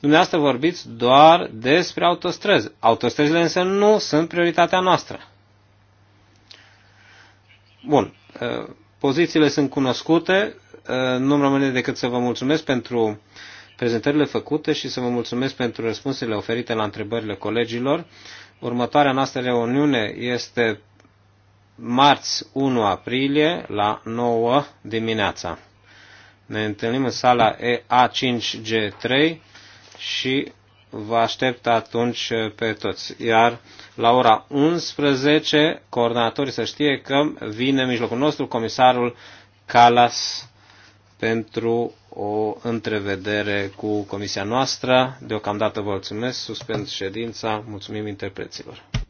Dumneavoastră vorbiți doar despre autostrăzi. Autostrăzile însă nu sunt prioritatea noastră. Bun, uh, pozițiile sunt cunoscute, uh, nu-mi rămâne decât să vă mulțumesc pentru prezentările făcute și să vă mulțumesc pentru răspunsurile oferite la întrebările colegilor. Următoarea noastră reuniune este marți 1 aprilie la 9 dimineața. Ne întâlnim în sala ea 5 g 3 și vă aștept atunci pe toți. Iar la ora 11, coordonatorii să știe că vine în mijlocul nostru comisarul Calas pentru o întrevedere cu comisia noastră. Deocamdată vă mulțumesc, suspend ședința, mulțumim interpreților.